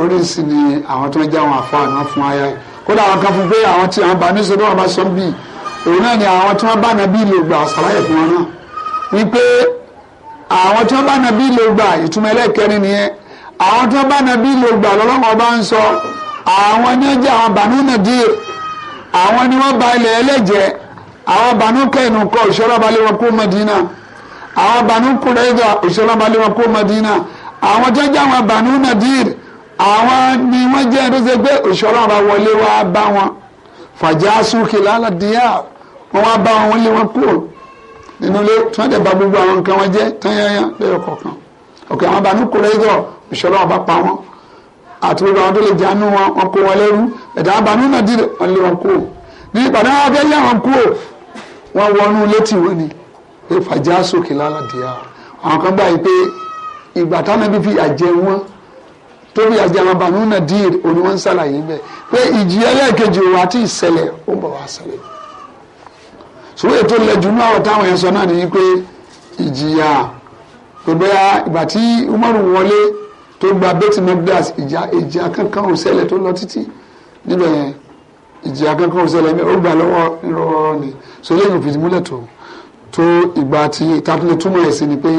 oríṣi ni àwọn tó ń jẹ́ àwọn àfáà náà fún aya yìí kódà àwọn kan fún pé àwọn tí àwọn bàánú sọ náà bá sọ bíi òun náà ni àwọn tí wọ́n bá nàbí lò gbà ṣàlàyé fún wọn náà wípé àwọn tí wọ́n bá nàbí lò gbà ìtumọ̀ ẹlẹ́kẹrin nìyẹn àwọn tí wọ́n bá nàbí lò gbà lọ́lọ́wọ́ bá ń sọ àwọn ní jẹ́ àwọn bàánú nàdír àwọn ni wọ́n ba ilẹ̀ ẹlẹ́jẹ̀ àwọn bàánú kẹ́hìn kọ́ ìṣọ́rọ̀ àwọn banu kúrẹ́dà òṣèlọ́balẹ̀ wọn kó Madina àwọn jẹ́jẹ́ àwọn banu Nadir àwọn ni wọ́n jẹ́ tó ṣe pé òṣèlọ́ba wọlé wá bá wọn fàjà súnkì lálàdíyà wọn wá bá wọn lé wọn kúrò nínú ilé tí wọ́n dẹ̀ bà gbogbo àwọn nǹkan wọn jẹ́ tányányán lẹ́yọ kọ̀ọ̀kan ọ̀kẹ́ àwọn banu kúrẹ́dà òṣèlọ́ba pa wọn àti gbogbo àwọn tó lè jánu wọn wọn kó wọn lẹ́rú ẹ̀dá banu Nadir wọn lé wọn kúrò ní ìpàdé wọn fẹ́ lé wọn kúrò wọn wọnú létí wọn ni pé fàjà sókè lálàdìyà àwọn kan gbà yìí pé ìgbà táwọn ẹbí fi àjẹ wọn torí àjẹ àwọn bàánú náà díì òní wọn ń ṣàlàyé bẹ́ẹ̀ pé ìjì ẹlẹ́ẹ̀kejì òun àti ìṣẹ̀lẹ̀ ó ń bọ̀ wá ṣẹlẹ̀ ṣùgbọ́n ètò ìlẹ̀jú náà ọ̀rọ̀ táwọn yẹn sọ náà nìyí pé ìjìyà gbogbo ìgbà tí Umaru wọlé tó gba bẹ́tì mọ́gídàs ìjà ìjà kankan ò ṣẹlẹ̀ tó lọ títí níbẹ̀ ìjìyà kankan ò ṣẹlẹ̀ ó gbà lọ́wọ́ ìrọ̀rọ̀ tó ìgbà tí tábìlì túmọ̀ ẹ̀ sí ni pé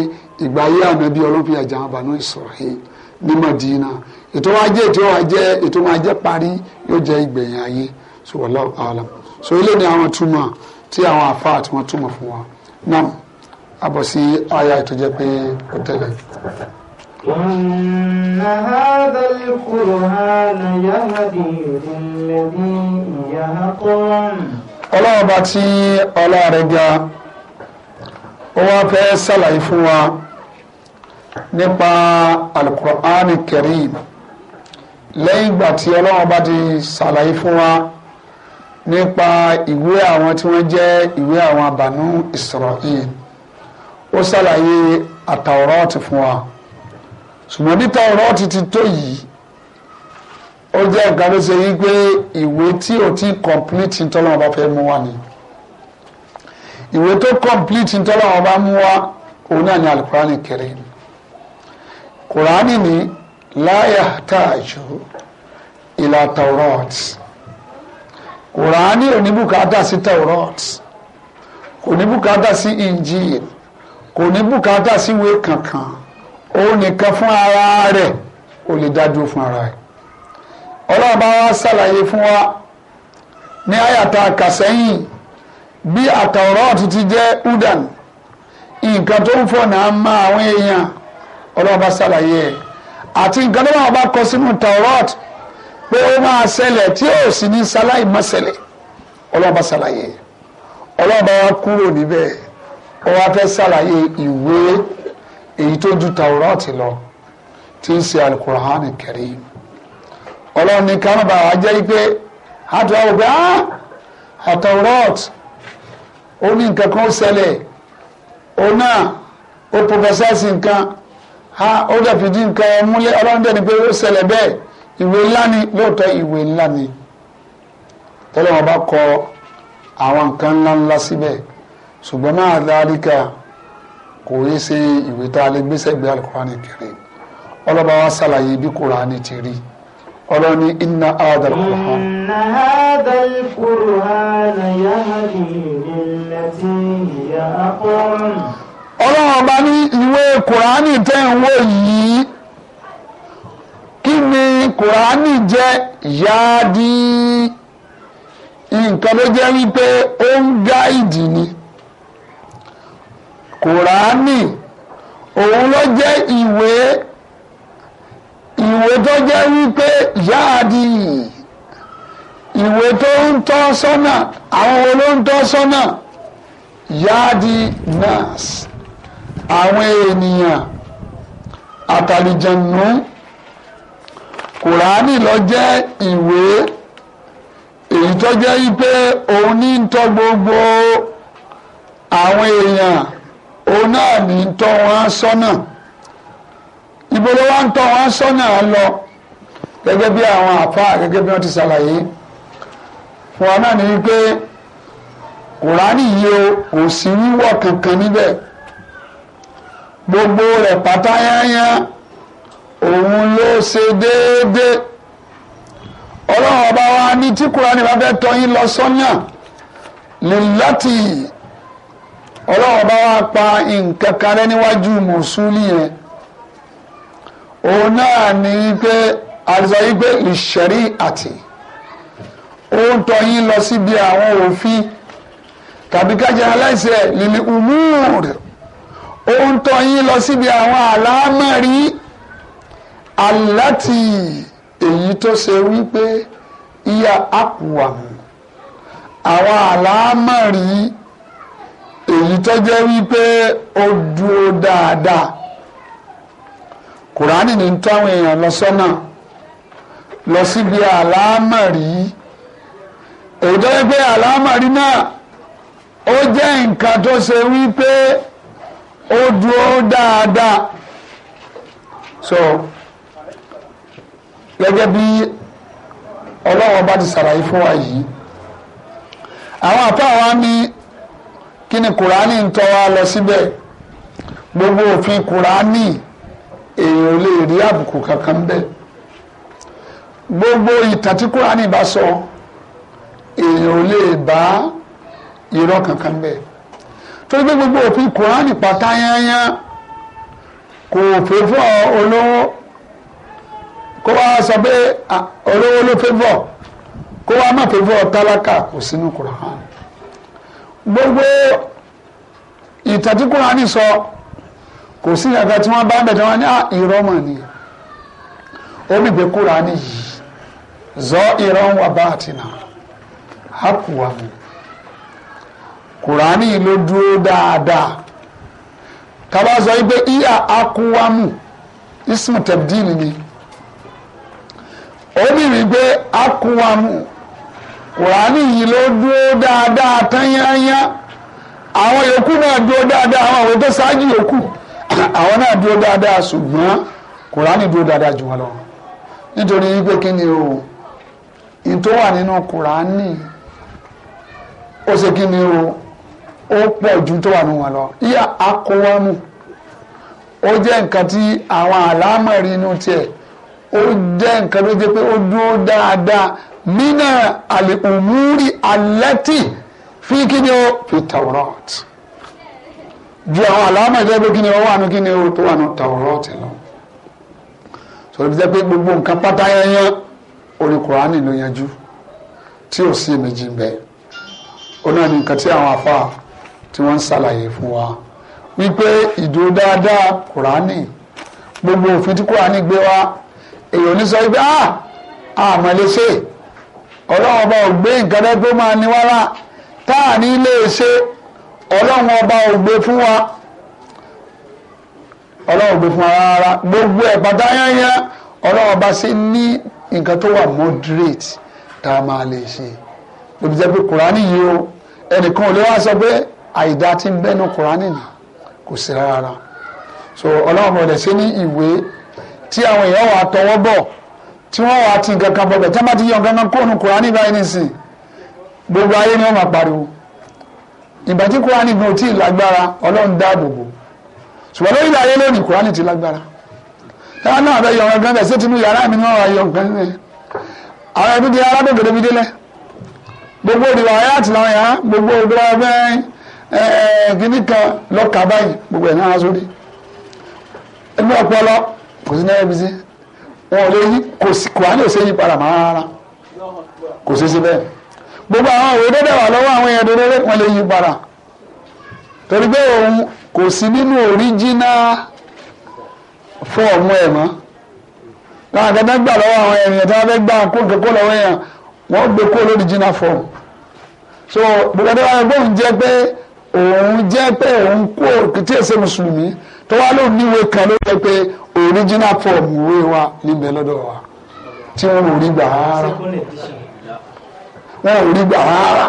ìgbà ayé ànábì ọlọ́run fi àjà àbànú Israel ní Madina ètò wa jẹ́ ètò wa jẹ́ ètò máa jẹ́ parí yóò jẹ́ ìgbẹ̀yìn ayé so wallahu alam so ilé ni àwọn túmọ̀ tí àwọn àfa àti wọn túmọ̀ fún wa náà abọ̀ sí àyà ètò jẹ́ pé ó tẹ̀lé. وإن هذا القرآن يهدي للذي هي أقوم. ọlọ́ọ̀bá tí ọlá rẹ̀ ga ó wá fẹ́ ṣàlàyé fún wa nípa alukur'an karim lẹ́yìn ìgbà tí ọlọ́run bá ti ṣàlàyé fún wa nípa ìwé àwọn tí wọ́n jẹ́ ìwé àwọn àbànú Israel ó ṣàlàyé àtàwọ́rọ́ọ̀tì fún wa ṣùgbọ́n bí tàwọ́rọ́ọ̀tì ti tó yìí ó jẹ́ nǹkan ló ṣe yí pé ìwé tí ò tí complete ní fẹ́ mú wa nìyí ìwé tó complete ntọ́lá wọn bá mú wa òun náà ni alukurani Karim kurani ni láyà táàjù ìlà taurat kurani ò ní bùkátà sí taurat kò ní bùkátà sí injil kò ní bùkátà sí ìwé kankan òun nìkan fún ara rẹ̀ ò lè dá dúró fún ara rẹ̀ ọlọ́run bá wa ṣàlàyé fún wa ní àyàtà kàsẹ́yìn. bí àtàwọ̀rọ̀ọ̀tù ti jẹ́ udan nǹkan tó ń fọ̀nà má àwọn èèyàn ọlọ́run ṣàlàyé ẹ̀ àti nǹkan tó máa bá kọ sínú tàwọ̀rọ̀ọ̀tù pé ó máa ṣẹlẹ̀ tí ó sì ní ṣaláì má ṣẹlẹ̀ ọlọ́run ṣàlàyé ẹ̀ ọlọ́run bá kúrò níbẹ̀ ó wá fẹ́ ṣàlàyé ìwé èyí ju lọ tí ń ṣe alukur'an karim ọlọ́run ní jẹ́ àtúwáwò pé ah! ó ní nǹkan kan ó ṣẹlẹ̀ òun náà ó pọfẹsẹ́sì nǹkan ha ó dẹ̀ fìdí nǹkan ẹ múlẹ̀ ọlọ́run dẹ̀ ni pé ó ṣẹlẹ̀ bẹ́ẹ̀ ìwé ńlá ni lóòótọ́ ìwé ńlá ni tọ́lọ́wọ́n bá kọ àwọn nǹkan ńlá ńlá síbẹ̀ ṣùgbọ́n náà dáríkà kò yé ṣe ìwé tá a lè gbé sẹ́gbẹ̀ẹ́ Al-Qur'ani Karim ọlọ́ba wa ṣàlàyé bí Kùránì ti rí ọlọ́ni inna hadha al-Qur'an. inna hadha al-Qur'an yahdi lillati hiya aqwam. ọlọ́run ọba ní ìwé kùránì tẹ́ ń wò yìí kí ni kùránì jẹ́ yáàdí nǹkan ló jẹ́ wípé ó ń gáìdì ni kùránì òun ló jẹ́ ìwé ìwé tó jẹ́ wípé yáàdì ìwé tó ń tọ́ sọ́nà àwọn wo ló ń tọ́ sọ́nà yáàdì nurse àwọn ènìyàn àtàlìjẹ̀nù kùránì ló jẹ́ ìwé èyí tó jẹ́ wípé òun ní ń tọ́ gbogbo àwọn èèyàn òun náà ní ń tọ́ wọn sọ́nà. So ibo wa wá ń tọ́ wá sọ́nà lọ gẹ́gẹ́ bí àwọn àfa gẹ́gẹ́ bí wọ́n ti ṣàlàyé fún wa náà ni wípé kùránì yìí o kò sí wíwọ̀ kankan níbẹ̀ gbogbo rẹ̀ pátáyáyá òun ló ṣe déédéé ọlọ́run ọba wa ní tí kùránì bá fẹ́ tọ́ yín lọ sọ́nà lílátì ọlọ́run ọba wa pa nǹkan kan rẹ́ níwájú mùsùlùmí yẹn òun náà ní pé àdìsọ yìí pé ìṣẹ̀rí àti ó ń tọ́ yín lọ síbi àwọn òfin tàbí kájẹ aláìsẹ̀ lílì umúr ó ń tọ́ yín lọ síbi àwọn àlámọ̀rí aláti èyí tó ṣe wípé ìyá àkùwàmù àwọn àlámọ̀rí èyí tó jẹ́ wípé ó dúró dáadáa kùránì ní táwọn èèyàn lọ sọ́nà lọ síbi àlámọ̀rí èyí tó yẹ pé àlámọ̀rí náà ó jẹ́ nǹkan tó ṣe wípé ó dúró dáadáa so gẹ́gẹ́ bí ọlọ́wọ́ bá ti ṣàlàyé fún wa yìí àwọn àpá wa ní kí ni kùránì ń tọ́ wa lọ síbẹ̀ gbogbo òfin kùránì èèyàn ò lè rí àbùkù kankan bẹ́ẹ̀ gbogbo ìtàn tí kúránì bá sọ èèyàn ò lè bá irọ́ kankan bẹ́ẹ̀ torí pé gbogbo òfin kúránì pátá yányán kò fẹ́fọ́ olówó kó wá sọ pé olówó ló fẹ́fọ́ kó wá má fẹ́fọ́ tálákà kò sínú kúránì gbogbo ìtàn kúránì sọ. So, kò sí ẹ̀ka tí wọ́n bá tí ní ah, ni ó bìgbé Kùránì yìí zọ ìrọ́n wà bá àtìnà á kù wà mí Kùránì ló dúró dáadáa kaba zọ igbe mu ismu ni ó bìrì gbé Kùránì yìí ló dúró dáadáa tán yányá àwọn yòókù náà dúró dáadáa àwọn òwe tó ṣáájú yòókù. àwọn náà dúró dáadáa ṣùgbọ́n kùránì dúró dáadáa jù wọn lọ nítorí wípé kí ni o n tó wà nínú kùránì ó ṣe kí ni o ó pọ̀ ju tó wà nínú wọn lọ yíyá akọwámù ó jẹ́ nǹkan tí àwọn àlámọ̀rí inú tiẹ̀ ó jẹ́ nǹkan ló jẹ́ pé ó dúró dáadáa mínà àlè òmúrí alẹ́tì fi kí ni o fi Tawrat ju àwọn àlámà ìjẹ́ pé kí ni wọ́n wà nù kí ni o tó wà nù tàwọ̀rọ̀ ti lọ. sọ̀rọ̀ bí jẹ́ pé gbogbo nǹkan pátá yẹn orí kùránì ló yanjú tí ò sí èméjì bẹ́ẹ̀ ó náà ní nǹkan tí àwọn afa tí wọ́n ń ṣàlàyé fún wa wípé ìdúró dáadáa kùránì gbogbo òfin tí kùránì gbé wa èèyàn ní sọ wípé ah àmọ́ lè ṣe ọlọ́run ọba ò gbé nǹkan dẹ́gbẹ́ máa ní wàrà ọlọ́run ọba ò fún wa ọlọ́run fún wa rárá gbogbo ọlọ́run ní nǹkan tó wà moderate tá a máa lè ṣe òbí jẹ́ pé o ẹnìkan ò lè sọ pé àìdá tí ń bẹ́nu kùránì kò sí rárá so ọlọ́run ọba ní ìwé tí àwọn èèyàn wà tọwọ́ bọ̀ tí wọ́n wà ti nǹkan kan bọ̀ bẹ̀ tí wọ́n bá ti ìgbà tí kúránì gan tí ì lágbára ọlọ́run dáàbò bò ṣùgbọ́n lórí ilé ayé lónìí kúránì ti lágbára táwọn náà fẹ́ yọ ọ̀rọ̀ gan bẹ́ẹ̀ ṣé tinú yàrá mi náà wà yọ nǹkan nílẹ̀ àwọn ẹbí di arábògede mi délẹ̀ gbogbo ìdìbò ayé àti làwọn yàrá gbogbo ìdìbò abẹ́ kìíní kan lọ́ka báyìí gbogbo ẹ̀ náà sórí ẹgbẹ́ ọpọlọ kò sí náà ẹbí gbogbo àwọn òwe dédé wà lọ́wọ́ àwọn èèyàn dédé wọn lè yí padà torí pé òun kò sí nínú òríjínà fọ́ọ̀mù ẹ̀ mọ́ táwọn akẹ́kẹ́ gbà lọ́wọ́ àwọn èèyàn tí wọ́n fẹ́ gbà kó kókó lọ́wọ́ èèyàn wọ́n gbé kó lóríjínà fọ́ọ̀mù so gbogbo ẹ̀dá wọn bóun jẹ́ pé òun jẹ́ pé òun kó tí èsè mùsùlùmí tó wá lóun níwèé kan ló jẹ́ pé òríjínà fọ́ọ̀mù ìwé wa níbẹ̀ lọ́dọ̀ wa tí wọ́n ò rí gbà rárá wọn ò rí gbà rárá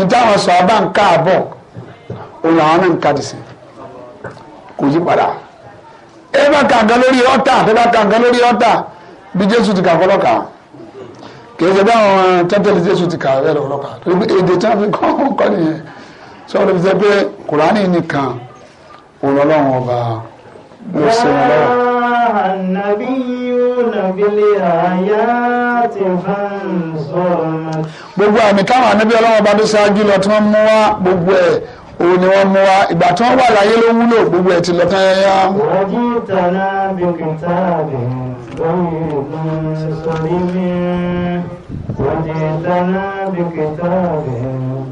ìtàwọn sọ abá ń káàbọ̀ òun làwọn náà ń kàdì sí kò yí padà ẹ bá ka nǹkan lórí ọ̀tà ẹ bá ka nǹkan lórí ọ̀tà bí Jésù ti kà fọlọ́kà kìí ṣe báwọn tẹ́tẹ́lì Jésù ti kà ẹ lọ́kà torí èdè tí wọ́n fi kọ́ ọkọ nìyẹn sọ fi ṣe pé Kùránì nìkan òun lọ́wọ́ ọba ló ṣe wọn lọ́wọ́ gbogbo àmì táwọn ànábì ọlọ́wọ́ bá tó ṣáájú lọ tí wọ́n mú wá gbogbo ẹ̀ òun ni wọ́n mú wá ìgbà tí wọ́n wà láyé ló wúlò gbogbo ẹ̀ ti lọ tán yẹn yá. wájú tàná bí kìtà bí lóyún sọrí mi wájú tàná bí kìtà bí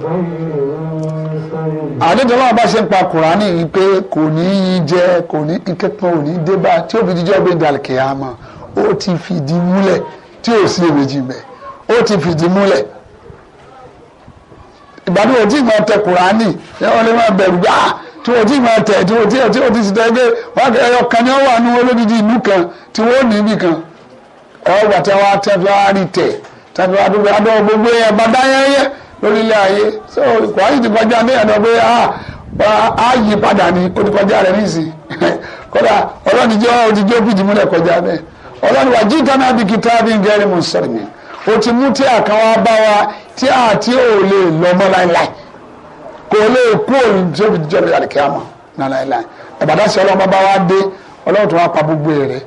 lóyún. àdéhùn náà bá ṣe ń pa kùránì yìí pé kò ní í jẹ kò ní ìkẹ́kọ̀ọ́ ò o tí ó fi jíjọ́ gbé dàlùkẹ́ àmọ́ ó ti fìdí múlẹ̀ tí ò sí èméjì ti fìdí múlẹ̀ ìgbàdí wo tí tẹ kùránì ẹ wọn bẹ̀rù ah! tí tẹ tí tí ti tẹ gbé wọn kẹ ẹyọ kan ní wọn wà olódìdí ìlú kan tí wọn ní ibì kan ọgbà tí wọn á tẹ fi rí tẹ tẹ fi dúró lórílẹ̀ ayé so ìkọ́yìn ti kọjá ní ẹ̀dọ́ pé ah, a yí padà ní olùkọjá rẹ̀ nísìnyí kódà ọlọ́ni jẹ́ òdìjọ́ fìdí múlẹ̀ kọjá bẹ́ẹ̀ ọlọ́ni wà jíta náà bí kìtàbí gẹ́rẹ́ mọ̀ sọ̀rọ̀ mi o ti mú tí àkàn wá bá wa tí àti ò lè lọ mọ́ láéláé kò lè kú òní tí ó fi jọ́ bí àlìkẹ́ àmọ́ náà láéláé ẹ̀bàdà sí ọlọ́mọ bá wa dé ọlọ́run tó wá pa gbogbo èrè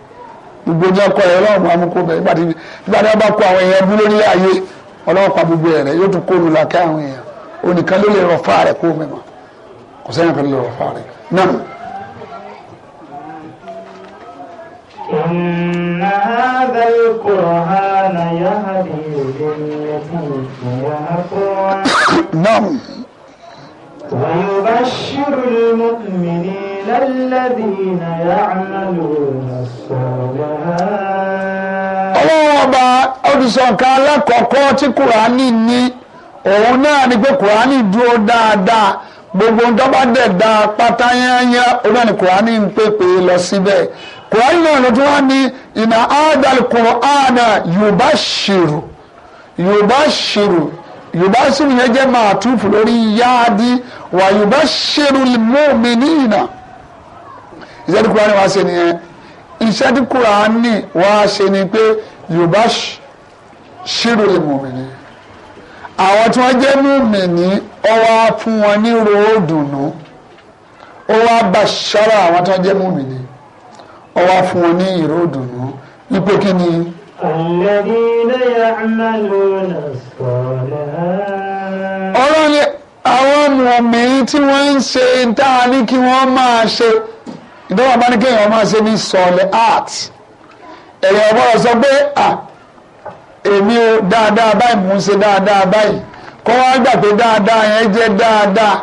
gbogbo ní ọkọ ẹ̀ ọlọ́run wa mú kó bẹ̀ nígbà tí wọ́n bá kó àwọn èèyàn bú lórílẹ̀ ayé ọlọ́wọ́ pa gbogbo ẹ̀ rẹ̀ yóò tún kóòlù làkẹ́ àwọn èèyàn onìkan ló lè rọ̀fà rẹ̀ kó mẹ́mọ́ kò sẹ́yìn kan ló lè rọ̀fà rẹ̀ náà. إن هذا القرآن يهدي للتي هي أقوم نعم ويبشر المؤمنين الذين يعملون الصالحات ọlọ́run ọba olùsọ̀ǹkà alákọ̀ọ́kọ́ tí kùránì ní òun náà ni pé kùránì dúró dáadáa gbogbo ń tọ́ba dẹ̀ da pátá yányá ọlọ́run ni kùránì ń pèpè lọ síbẹ̀ kùránì náà ló tún wá ní ìnà ádàlù kùránà yorùbá ṣèrò yorùbá ṣèrò yorùbá ṣèrò yẹn jẹ́ máa túfù lórí yáàdí wà yorùbá ṣèrò mọ́ọ̀mì ní ìnà ìṣẹ́dí kùránì wá ṣe nìyẹn ìṣẹ́dí kùránì wá ṣe ni pé. yorùbá ṣírò lè mọ̀ mí ni àwọn tí wọ́n jẹ́ mùmìnì ó wá fún wọn ní ròódùnú ó wá bá ṣára àwọn tí wọ́n jẹ́ mùmìnì ó wá fún wọn ní ìròódùnú wípé kí ni. alladhina ya'maluna as-salihah. ọ̀rọ̀ ni àwọn mùmìnì tí wọ́n ń ṣe dáa ní kí wọ́n máa ṣe ìdánwò abánikẹ́yìn wọn máa ṣe ní sọ̀lẹ̀ art. ẹ̀yẹ ọgbọ́n sọ pé à èmi o dáadáa báyìí mò ń ṣe dáadáa báyìí kọ́ wá gbà pé dáadáa yẹn jẹ́ dáadáa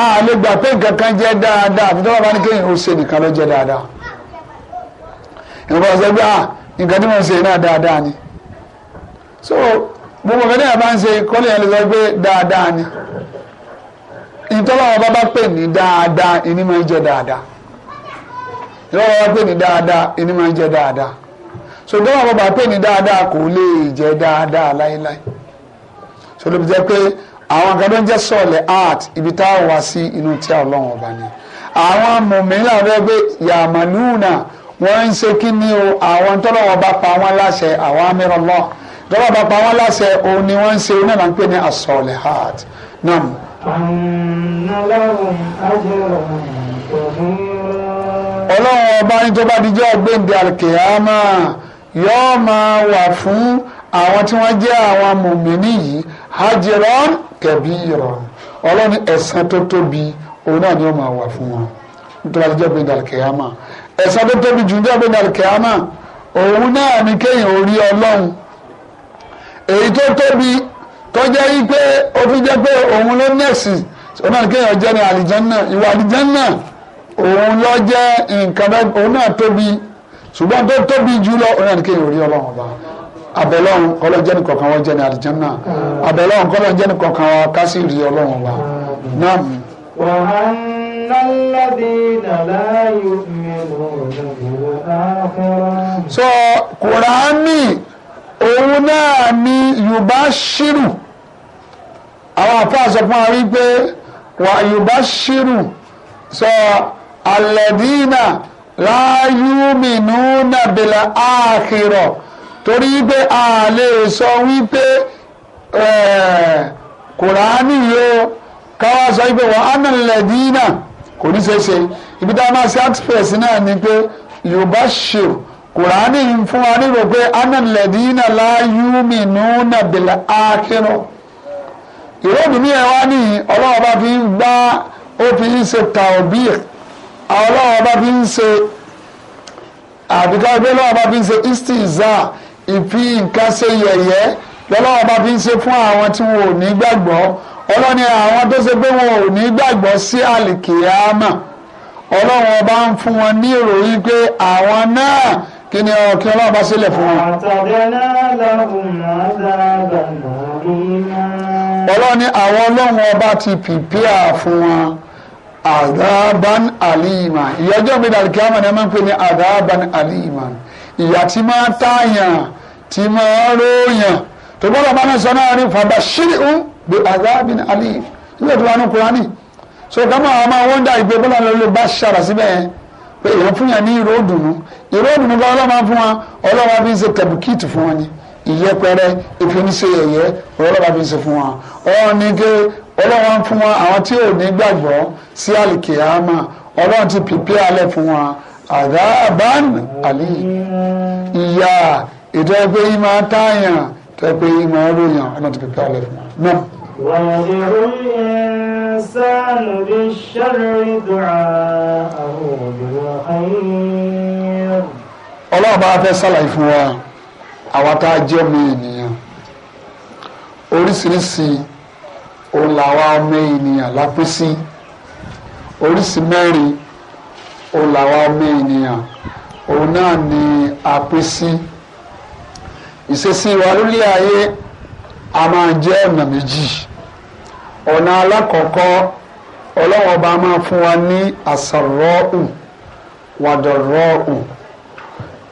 a lè gbà pé nǹkan kan jẹ́ dáadáa àfi tó bá ní kéèyàn ó ṣe nìkan ló jẹ́ dáadáa ìrọ̀lẹ́ sọ pé nǹkan tí mo ń ṣe náà dáadáa ni so gbogbo nǹkan tí yàrá bá ń ṣe kọ́lé yẹn lè sọ pé dáadáa ni ìtọ́lọ́wọ́ bá bá pè ní dáadáa ìní máa ń jẹ́ dáadáa ìrọ̀rọ̀ wa pè ní dáadáa ẹni máa ń jẹ dáadáa so dọ́wọ́ bàbá pè ní dáadáa kò lè jẹ dáadáa láéláé so ló fi jẹ́ pé àwọn kan tó ń jẹ́ sọ̀lẹ̀ art ibi tá a wá sí inú tí a ọlọ́run ọba ni àwọn mọ̀mìnira rẹ̀ pé yàmàlúùnà wọ́n ń ṣe kí ni o àwọn tọ́lọ́wọ́ bá pa wọ́n láṣẹ àwọn amíràn lọ́ọ̀ tọ́wọ́ bá pa wọ́n láṣẹ òun ni wọ́n ń ṣe onílà ń pè ní asọ̀lẹ̀ heart nam. ànàlọ́run ajẹ́rọ̀ ọ̀hún ọlọ́run ọba ní tó bá dijọ́ gbèǹde àlùkìyámà yóò máa wà fún àwọn tí wọ́n jẹ́ àwọn mùmíní yìí hajirọ́n kẹ̀bíìrọ̀n ọlọ́run ẹ̀san tó tóbi òun náà ni ó máa wà fún wọn tó bá dijọ́ gbèǹde àlùkìyámà ẹ̀san tó tóbi jù ní ọ̀gbẹ́ni àlùkìyámà òun náà ni kéèyàn orí ọlọ́run èyí tó tóbi tó jẹ́ yí pé ó fi jẹ́ pé òun ló nẹ́ẹ̀sì òun náà ni kéèyàn jẹ́ ní àlìjánná ìwà àlìjánná òun lọ jẹ́ nǹkan bẹ́ẹ̀ òun náà tóbi ṣùgbọ́n tó tóbi jù lọ òun náà ní kéèyàn rí ọlọ́run ọba abẹ́lọ́run kọ́lọ́ jẹ́ nìkan kan wọ́n jẹ́ ní àlìjánná abẹ́lọ́run kọ́lọ́ jẹ́ nìkan kan wọ́n ká sí rí ọlọ́run ọba náà. وأن so Kùránì òun náà ni yorùbá ṣírù àwọn àfáà sọ fún wa rí wà yorùbá ṣírù sọ. So, alẹ́dínà láyúmi núnà bìlà àkìrọ̀ torí pé a lè sọ wípé kùránì yóò káwá sọ wípé wọ́n á nà lẹ́dínà kò ní ṣeé ṣe ibi tá a máa ṣe express náà ni pé yorùbá ṣe kùránì fún wa nírò pé anan lẹ́dínà láyúmi núnà bìlà àkìrọ̀ ìròdùnmí ẹ̀ wá nìyí ọlọ́run bá fi gbá ó fi ń ṣe tàbíyẹ̀ àwọn ọlọ́wọ́ bá fi ń ṣe àbíká ẹgbẹ́ lọ́wọ́ bá fi ń ṣe istiza ìfi nǹkan ṣe yẹ̀yẹ́ lọ́wọ́ bá fi ń ṣe fún àwọn tí wọn ò ní gbàgbọ́ ọlọ́ni àwọn tó ṣe pé wọn ò ní gbàgbọ́ sí àlìkìyàmà ọlọ́wọ́ bá ń fún wọn ní ìròyìn pé àwọn náà kí ni ọ kí ọlọ́wọ́ sílẹ̀ fún wọn. ọlọ́ni àwọn ọlọ́wọ́ bá ti pìpíà fún wọn àdábán àlìmà ìyájọ́ mi dàrí kí á mọ̀ ní ẹ máa ń pè ní àdábán àlìmà ìyá tí máa tààyàn tí máa ròyàn tó gbọ́dọ̀ bá náà sọ náà ní fàbàṣírí ń bí àdábán àlìmà ilé ìtura ní Kùránì so kama àwọn máa wọ́n dá ìgbé bọ́lá lọ lè bá ṣàrà síbẹ̀ yẹn pé èèyàn fún yẹn ní ìró ìdùnnú ìró ìdùnnú bá ọlọ́mọ fún wa ọlọ́mọ fi ń ṣe tẹ̀bùkìtì fún wọn ni ìyẹpẹrẹ ìfiníṣe ẹ̀yẹ ọlọ́mọ fi ń ṣe fún wa ọ̀ọ́nìkẹ́ ọlọ́run ń fún wa àwọn tí ò ní gbàgbọ́ sí àlìkèámà ọlọ́run ti pìpẹ́ alẹ́ fún wa àdáàbán àlè ìyá ètò ẹgbẹ́ yìí máa tààyàn tó ẹgbẹ́ yìí máa ròyàn ọlọ́run ti pìpẹ́ alẹ́ fún wa náà. وَيَدْعُ الْإِنسَانُ بِالشَّرِّ دُعَاءَهُ بِالْخَيْرِ ọlọ́run bá fẹ́ sàlàyé fún wa àwa tá a jẹ́ ọmọ ènìyàn oríṣiríṣi òun làwa ọmọ ènìyàn lápín sí oríṣi mẹ́rin òun làwa ọmọ ènìyàn òun náà ni a pín sí ìṣesí wa lórí ayé a máa jẹ́ ọ̀nà méjì ọ̀nà alákọ̀ọ́kọ́ ọlọ́wọ́n ọba máa fún wa ní àsàrọ́ọ̀hù wàdọ̀rọ́ọ̀hù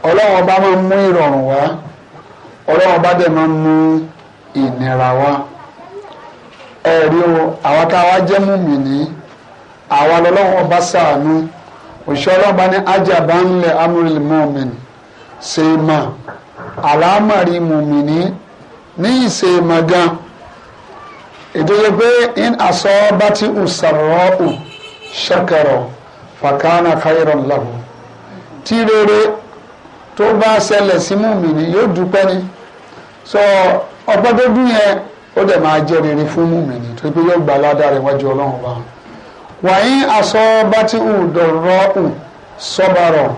ọlọ́wọ́n ọba máa mú ìrọ̀rùn wá ọlọ́wọ́n ọba dẹ̀ máa mú ẹ̀rí o àwa tá a wá jẹ́ mùmìnì àwa lọ́lọ́wọ́ bá sàánú òṣìṣẹ́ ọlọ́ba ní ajaba ńlẹ̀ amúrìlì mọ́ọ̀mìn ṣe mà àlámàrí mùmìnì ní ìṣe mà gan ìdóye pé in àṣọ bá ti ń sàrọ̀ ọ̀ ṣẹkẹrọ fàkànà káyọ̀rọ̀ ńláwọ̀ tí rere tó bá ṣẹlẹ̀ sí mùmìnì yóò dúpẹ́ ni sọ ọgbọ́dọ́dún yẹn ó dẹ̀ máa jẹ́ rere fún mùmìnì tó pé yóò gba aládàá rẹ̀ wájú ọlọ́run bá wàyí aṣọ bá ti hù dọ̀rọ̀ hù sọ́bàrọ̀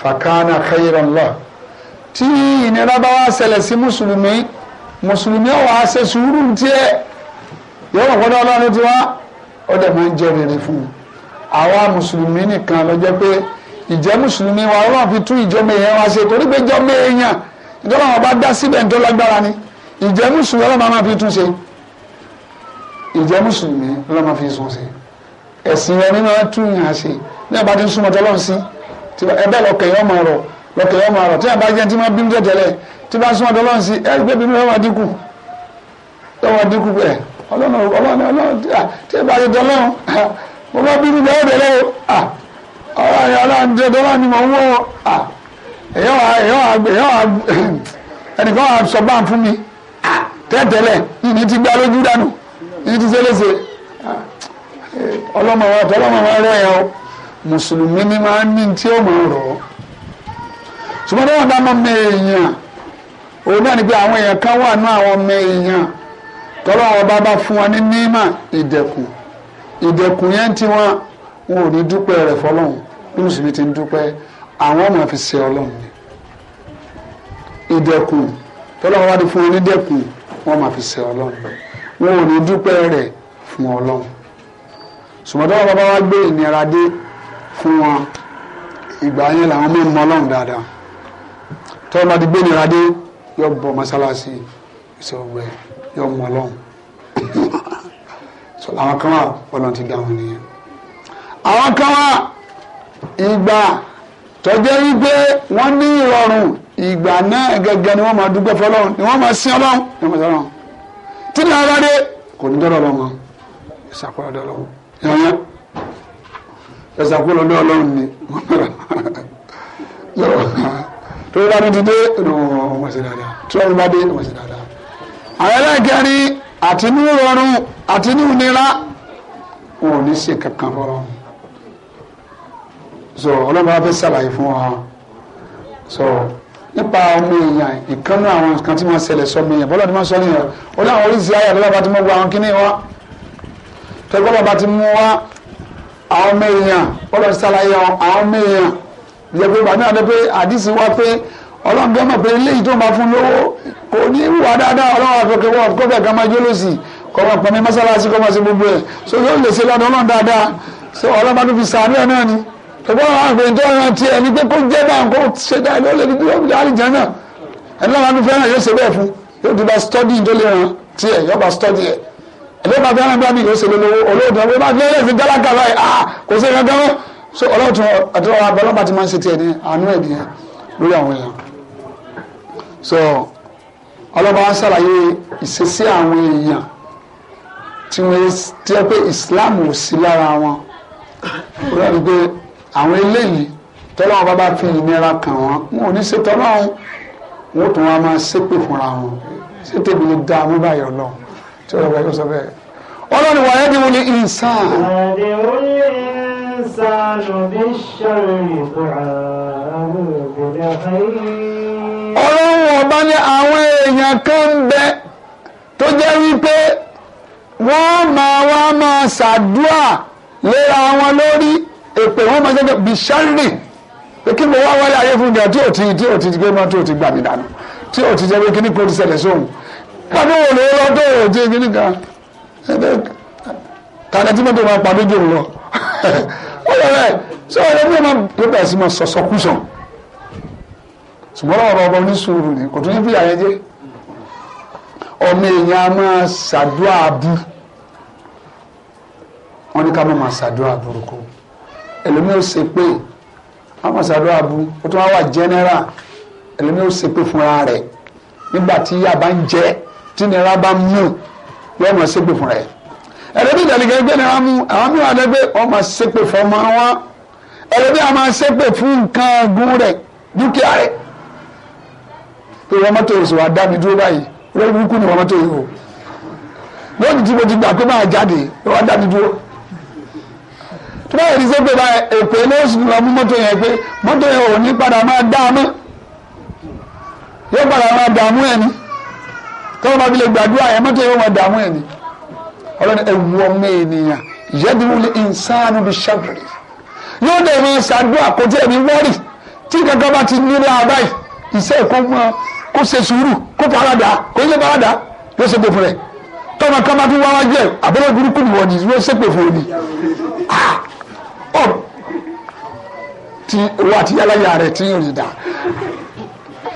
fàkánà khayran la tí ìnira bá wá ṣẹlẹ̀ sí mùsùlùmí mùsùlùmí ọ̀wà ṣe sùúrù tiẹ̀ yóò wọ́n fọ́dọ̀ ọlọ́run ti wá ó dẹ̀ máa jẹ́ rere fún un àwa mùsùlùmí nìkan ló jẹ́ pé ìjẹ́ mùsùlùmí wa ọlọ́run fi tún ìjọ́mọ èèyàn ṣe torí pé ìjọ́mọ èèyàn ìjọ́mọ bá dá síbẹ̀ ń tó lágbára ni ìjẹ́ mùsùlùmí ọlọ́mọ máa fi tún ṣe ìjẹ́ mùsùlùmí ọlọ́mọ fi tún ṣe ẹ̀sìn ẹni máa tún yàn ṣe ní ẹ̀bá tí ń súnmọ́ tọ́lọ́ sí ẹ̀bẹ́ lọ́kẹ̀ yọ máa rọ̀ lọ́kẹ̀ yọ máa rọ̀ tí ẹ̀bá jẹ́ tí máa bínú tẹ̀tẹ̀lẹ̀ tí bá ń súnmọ́ tọ́lọ́ sí ẹ̀ gbé bínú yọ máa dínkù yọ máa dínkù bẹ́ẹ̀ eh, ọlọ́run ọlọ́run ọlọ́run tí ẹ̀bá jẹ́ tọ́lọ́run ah, mo bá bínú bẹ́ẹ̀ tẹ̀lẹ́ o ah, ọlọ́run ọlọ́run jẹ́ tọ́lọ́run ni mò ń wọ́ ah, ẹ̀yọ́ ẹ̀yọ́ ẹnìkan sọ báà fún mi tẹtẹlẹ ìní ti gbá lójú dànù ìní ti sẹ́lẹ̀sẹ̀ ọlọ́mọ wa tọ́lọ́mọ wa o mùsùlùmí ni máa ń ní tí ó máa mẹ èèyàn òun náà ni pé àwọn èèyàn kan wà ní àwọn mẹ èèyàn bá bá fún wa ní ìdẹ̀kùn ìdẹ̀kùn yẹn wọn ò ní dúpẹ́ fọlọ́hún bí mùsùlùmí ti ń dúpẹ́ àwọn ọmọ fi ṣe ọlọ́run ni ìdẹ̀kùn tọ́lọ́wọ́n wá ti fún onídẹ̀kùn wọ́n máa fi ṣe ọlọ́run wọn ò ní dúpẹ́ rẹ̀ fún ọlọ́run sùmọ́tọ́ wọn bá wá gbé ìnira dé fún wọn ìgbà yẹn làwọn mọ̀ mọ́ ọlọ́run dáadáa tọ́lọ́wọ́n bá ti gbé ìnira dé yọ bọ mọ́sálásí ìṣòwò yọ mọ́ ọlọ́run àwọn kan wà ọlọ́run ti dá nìyẹn àwọn kan wà ìgbà tọ́jẹ́ wípé wọ́n ní ìrọ̀rùn ìgbà náà gẹ́gẹ́ ni wọ́n máa dúpẹ́ fọlọ́run ni wọ́n máa sin ọlọ́run ni wọ́n máa sọ̀rọ̀ tí ní ara dé kò ní dọ́dọ̀ ọlọ́run ìṣàkóso ọdọ ọlọ́run yọ̀nyẹ́ ìṣàkóso ọdọ ọlọ́run ni wọ́n mẹ́rẹ̀ tó bá ní ti dé wọ́n ṣe dáadáa tí wọ́n bá dé wọ́n ṣe dáadáa. àwọn ẹlẹ́gẹ̀rin àti inú rọrùn àti inú nira wọn ò ní ṣe kankan fọlọ́run so ọlọ́run bá fẹ́ ṣàlàyé fún wa so nípa ọmọ èèyàn ìkànnì àwọn nǹkan tí wọ́n ṣẹlẹ̀ sọmọ èèyàn bọ́lá ni wọ́n sọ nìyẹn ó láwọn oríṣi ayé àdúrà bá ti mú gbọ́ àwọn kíní wa tẹ́gbọ́n bàbá ti mú wa àwọn ọmọ èèyàn bọ́lá ti ṣàlàyé àwọn ọmọ èèyàn ìyẹ̀pẹ̀ bàbá náà pé àdìsí wa pé ọlọ́run gẹ́gẹ́ mọ̀ pé eléyìí tó máa fún lówó kò ní wà dáadáa ọlọ́run àfẹ́kẹ́ wọ́n kó bẹ̀ gama jólósì kọ́ máa pọnmi mọ́sálásí kọ́ máa ṣe gbogbo ẹ̀ so yóò lè ṣe lọ́dọ̀ ọlọ́run dáadáa so ọlọ́run bá tó fi sàánú ẹ̀ náà ni tọ́gbọ́n àwọn àgbẹ̀ tó ràn tiẹ̀ pé kó jẹ́ bá nǹkan ṣe dáadáa ó lè di bí wọ́n jáde náà ẹni náà wọn fẹ́ràn yóò ṣe bẹ́ẹ̀ fún yóò ti bá stọ́dí tó lè ràn tiẹ̀ yóò bá stọ́dí ẹ̀ ẹni bá fẹ́ràn bá mi yóò ṣe lọ́wọ́ olóòtú ọ̀gbọ́n bá fẹ́ràn sí tálákà báyìí ah kò sí ẹ̀ka gánà so ọlọ́tún àtọ́wọ́ abọ́lọ́ba ti máa ń ṣe tiẹ̀ ní àánú Islam ò sí lára wọn àwọn eléyìí tọ́lọ́wọ́n bá bá fi ìnira kàn wọ́n wọn ò ní ṣe tọ́lọ́wọ́n wọn ò tún wọn máa ṣépè fúnra wọn ṣépè mi lè dá mú báyọ̀ lọ tí ọ̀rọ̀ báyọ̀ sọ bẹ́ẹ̀. ọlọ́ni wàá yẹ́dí wọn ní ìsàn. ọlọ́run ọba ní àwọn èèyàn kan ń bẹ tó jẹ́ wípé wọ́n máa wá máa ṣàdúrà léra wọn lórí èpè wọn máa gẹ́gẹ́ bí sẹ́rì pé kí mo wá wáyé ayé fún mi tí ò ti tí ò ti gbé mọ́ tí ò ti gbà mí dànù tí ò ti jẹ́ pé kí ní kò ti ṣẹlẹ̀ sóhun pàdé wò lówó lọ́dọ̀ ò ti kí ní kan ẹgbẹ́ tàdé tí mọ́tò máa pàdé jòun lọ ó lọ rẹ̀ ṣé wọ́n lè máa ló bẹ̀rẹ̀ sí máa sọ̀sọ̀ kú sàn ṣùgbọ́n ọ̀rọ̀ ọba oníṣòro ni kò tún ní fìyà yẹn jẹ́ ọmọ èèyàn a máa ṣàdúrà abú wọn ní ká má máa ṣàdúrà burúkú ẹlòmíì ó ṣe pé àwọn ṣàdúrà bu ó tún wá wà jẹ́nẹ́rà ẹlòmíì ó ṣe pé fúnra rẹ̀ nígbà tí yà bá ń jẹ tí nira bá mú yóò máa ṣépè fúnra ẹ̀ ẹlòmíì ìdàlẹ́gẹ́ gbé nira mú àwọn mìíràn adẹ́gbẹ́ wọ́n máa ṣépè fún ọmọ wọn ẹlòmíì àwọn máa ṣépè fún nǹkan ọ̀gùn rẹ̀ dúkìá rẹ̀ pé wọ́n mọ́tò èso wà dá mi dúró báyìí lórí burúkú ni wọ́n mọ́tò yìí o lóòjì tí mo ti gbà pé máa jáde wọ́n dá mi dúró tó bá yẹ ní sẹ́gbẹ̀ẹ́ bá èpè ní oṣù tó lọ mú mọ́tò yẹn pé mọ́tò yẹn ò ní padà máa dá a mọ́ yóò padà máa dààmú ẹ̀ ni tó o bá fi lè gbàdúrà yẹn mọ́tò yẹn ò máa dààmú ẹ̀ ni ọlọ́ni ẹ̀wù ọmọ ènìyàn yẹ́dínwúlé ìnsánu bíi ṣàbẹ̀rẹ̀ yóò dẹ̀ máa ṣàdúrà kó tí ẹ̀mí wọ́rì tí kankan bá ti nílé abáyì ìṣe kó mọ́ kó ṣe sùúrù kó parada kó ilé parada yóò ṣe gbèfò rẹ̀ tọ́mọ kan bá tún wá wájú ẹ̀ àbẹ̀rẹ̀ burúkú nìwọ̀n ni yóò ṣépè fún òní ah! ọ ti owó àti yálàyà rẹ tí yóò rí dà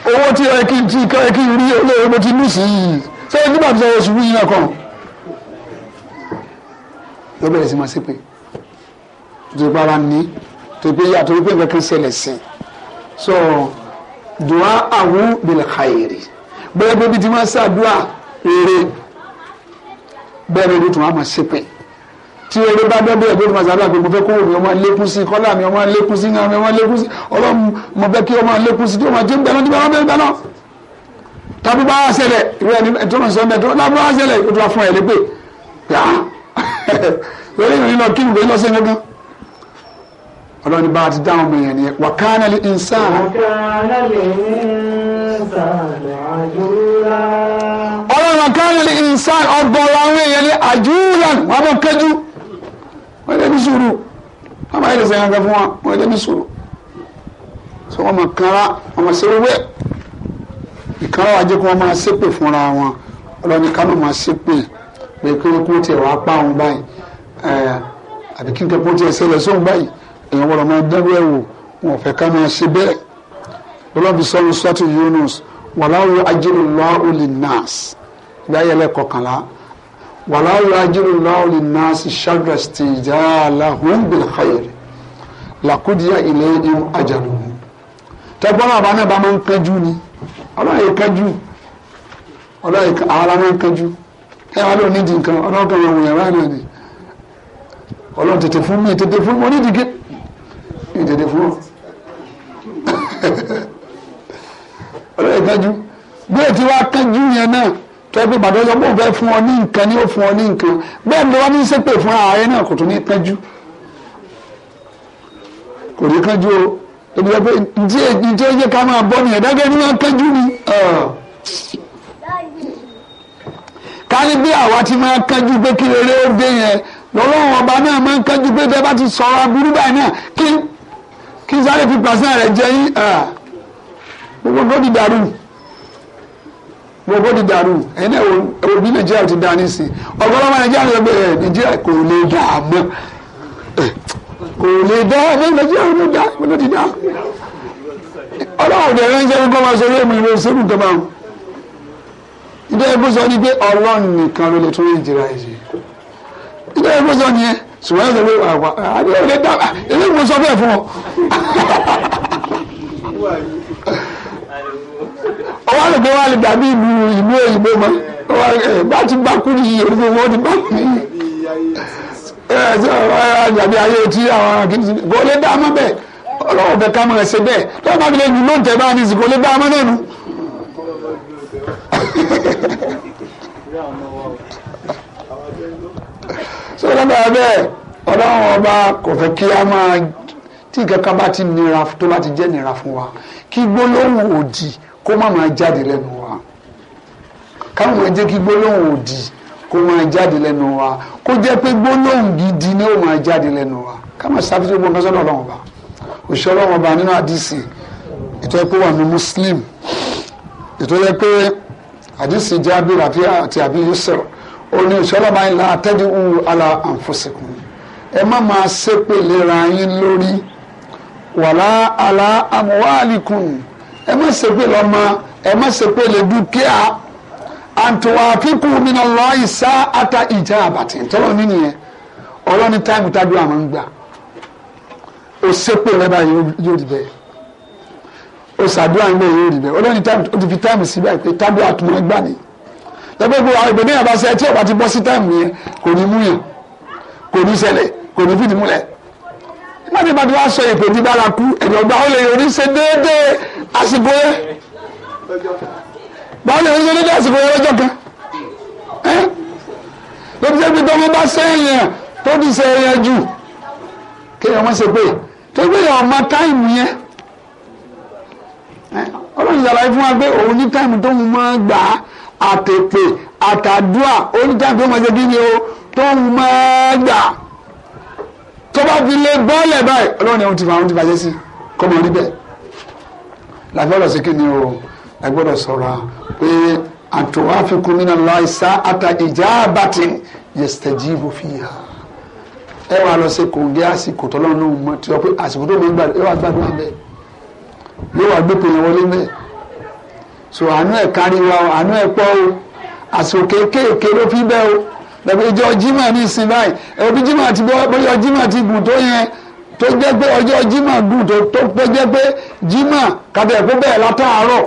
owó tí ẹ kí tí ẹ kí rí olóore mo ti lù sí yìí ṣé ẹ nígbà tí ẹ ṣubú yín náà kàn ló bẹ̀rẹ̀ sí máa ṣépè tó ti para ní tó pé yàtọ̀ pé nǹkan kan ṣẹlẹ̀ sí i so dùá àwọn bìlìkàyèrè bẹ́ẹ̀ bẹ́ẹ̀ bí ti máa ṣàdúrà rere bẹ́ẹ̀ bí tí wọ́n á máa ṣépè tí eré bá dẹ́bẹ̀ ẹ̀dọ́ ìmọ̀ sábà pé mo fẹ́ kówó mi ọmọ lékún sí kọ́lá mi ọmọ lékún sí ọmọ lékún sí ọlọ́run mo fẹ́ kí ọmọ lékún sí tí ọmọ jẹ́ ń bẹ̀rẹ̀ níbẹ̀ ọmọ tàbí bá wá ṣẹlẹ̀ ìwé ẹni tó náà sọ ọ́n tó lábọ́ wá ṣẹlẹ̀ ó ti wá fún ẹ̀ lépè yá lórí ìrìn lọ kí n lóyún lọ́sẹ̀ gangan ọlọ́run bá ti dáhùn wọ́n lè ní sùúrù wọ́n máa yẹ lè sẹ́yìn kankan fún wọn wọ́n lè ní sùúrù so wọ́n máa kára wọ́n máa ṣe wíwẹ́ ìkára wa jẹ́ kí wọ́n máa ṣépè fúnra wọn ọlọ́ni kánò máa ṣépè pé kí wọ́n kó tiẹ̀ wá pa òun báyìí àbí kí n kẹ́ kó tiẹ̀ ṣẹlẹ̀ sóun báyìí èèyàn wọ́n máa dẹ́rù ẹ̀ wò wọn ò fẹ́ ká máa ṣe bẹ́ẹ̀ ọlọ́bi sọ́nu sọ́tù Yunus wàláwù ajẹ́lélọ́ọ̀lì nas gbáyẹlẹ kọkànlá wàlá yuajiru Allahu linnasi sharra istijaalahum bil khayri laqudiya ilayhim ajaluhum. tẹgbọ́n àbá náà bá máa ń kánjú ni ọlọ́yẹ kánjú ọlọ́yẹ ara máa ń kánjú ẹ wá lóun nídìí nǹkan ọlọ́run kan wọ̀nyẹn wá náà ni ọlọ́run tètè fún mi tètè fún mi onídìí gé mi tètè fún mi ọlọ́yẹ kánjú bí ètí wá kánjú yẹn náà tẹ́gbẹ́ bàtà sọ pé òun fẹ́ fún ọ ní nǹkan ni ó fún ọ ní nǹkan bẹ́ẹ̀ ni wọ́n ní ṣépè fún ààrẹ náà kò tún ní kánjú kò ní kánjú o ebi sọ pé ntí ntí ó yẹ ká máa bọ́ ni ẹ̀dá gẹ́gẹ́ ni wọ́n kánjú ni ká ní bí àwa ti máa kánjú pé kí rere ó dé yẹn lọ́lọ́run ọba náà máa ń kánjú pé bẹ́ẹ̀ bá ti sọ̀rọ̀ aburú báyìí náà kí kí sáré fi pàṣẹ rẹ̀ jẹ́ yín ah. gbogbo tó ti dàrú gbogbo ti dàrú ẹ̀yin náà ẹ̀wọ̀n bí nàìjíríà ti dà nísìn ọ̀gbọ́n ọmọ nàìjíríà ló gbé ẹ̀ nàìjíríà kò lè dà mọ́ kò lè dà ẹ̀ nàìjíríà ló dà ẹ̀ ló ti dà ọlọ́run ọ̀dẹ̀ rẹ̀ ń jẹ́ kó máa sọ ilé ìmìlẹ̀ òṣèlú tó máa ń ilé ẹgbẹ́ sọ ni pé ọlọ́run nìkan ló lè tún nàìjíríà yìí ilé ẹgbẹ́ sọ ni ẹ ṣùgbọ́n ẹ̀sẹ̀ pé àwa àdéhùn lè dà ẹ̀ àwọn àlùkò wa lè dàbí ìlú ìlú òyìnbó mọ bá ti gbà kú yìí onígbò wọn ti gbà kú yìí ẹ ṣe ọ dàbí ayé tí àwọn akíní kò lè dá ọmọ bẹ́ẹ̀ ọlọ́wọ́ bẹ ká máa ṣe bẹ́ẹ̀ tó bá fi lè lù lóńtẹ̀ bá ní ìsìnkò lè dá ọmọ náà nù. so lọ́dọ̀ bẹ́ẹ̀ ọlọ́run ọba kò fẹ́ kí a máa tí kankan bá ti nira tó bá ti jẹ́ nira fún wa kí gbólóhùn òdì kó má máa jáde lẹ́nu wa káwọn máa jẹ́ kí gbólóhùn òdì kó máa jáde lẹ́nu wa kó jẹ́ pé gbólóhùn gidi ni ó máa jáde lẹ́nu wa ká máa ṣàfihàn gbogbo nǹkan sọ́dọ̀ ọlọ́run ọba òṣìṣẹ́ ọlọ́run ọba nínú àdìsí ètò ẹ̀pẹ́ wà ní muslim ètò ẹ̀pẹ́ àdìsí jábìrì àti àbí yusuf ó òṣìṣẹ́ ọlọ́run ọba yìí la tẹ́jú ala àǹfọ̀sẹ̀kùn ẹ má máa ṣépè lera yín lórí wàlá ala àmúwálìkùn ẹ má ṣe pé lọ́mọ ẹ má ṣe pé lè dúkìá àtùwàfíkù mìíràn lọ ìsá ata ìjà àbàtì tọ́lọ́ ní nìyẹn ọlọ́ ní táìmù tájú àmọ́ ń gbà ó ṣépè rẹ báyìí yóò rí bẹ́ẹ̀ ó ṣàdúrà ń bẹ́ẹ̀ yóò rí bẹ́ẹ̀ ọlọ́ ní táìmù ó ti fi táìmù sí báyìí pé tájú àtúmọ̀ gbà ní. lọ́pọ̀ gbogbo àwọn ìgbẹ́ni àbáṣe tí ọba ti bọ́ sí táìmù yẹn kò ní mú yẹn kò ní ṣẹlẹ̀ kò ní fìdí múlẹ̀ láti bá ti wá sọ èpè tí dára kú ẹ̀yìn ọgbà ó lè yọrí ṣe déédéé àsìkò yẹn báwo lè yọrí ṣe déédéé àsìkò yẹn lọ́jọ́ kan lóbi jẹ́ pé tọ́mọ bá sẹ́yìn yẹn tó ti sẹ́yìn yẹn jù kéèyàn wọ́n ṣe pé tó gbé yẹn ọmọ táìmù yẹn ọlọ́run ṣàlàyé fún wa pé òun ní táìmù tóun máa gbà á àtètè àtàdúà oníkàgbé ọmọ ṣe kí ni o tóun máa gbà tó bá fi lè bọ́ọ̀lẹ̀ báyìí ọlọ́run ni àwọn ti fa àwọn ti bàjẹ́ sí kọ́ mọ̀ níbẹ̀ làgbọ́dọ̀ sí kí o làgbọ́dọ̀ sọ̀ra pé àtòwáfikún nínú aláìsá ata ìjà àbàtì yẹ̀sítẹ̀jì ìbò fi hà ẹ wàá lọ sí kòǹgẹ́ àsìkò tọ́lọ́run náà mọ̀ tí wọ́n pé àsìkò tó lè gbàdúrà ẹ wàá gbàdúrà bẹ́ẹ̀ yóò wàá gbé pèyàn wọlé bẹ́ẹ̀ so àánú ẹ̀ kárí wa àánú ẹ̀ pọ̀ o àsìkò kéékèèké ló fi bẹ́ẹ̀ o lẹ́gbẹ̀ẹ́ ìjọ jimá ní ìsìn báyìí ẹ̀rọ bí jimá ti bọ́ bóyá jimá ti gùn tó yẹn tó jẹ́ pé ọjọ́ jimá gùn tó tó jẹ́ pé jimá kàtẹ́ ẹ̀kọ́ bẹ́ẹ̀ látàárọ̀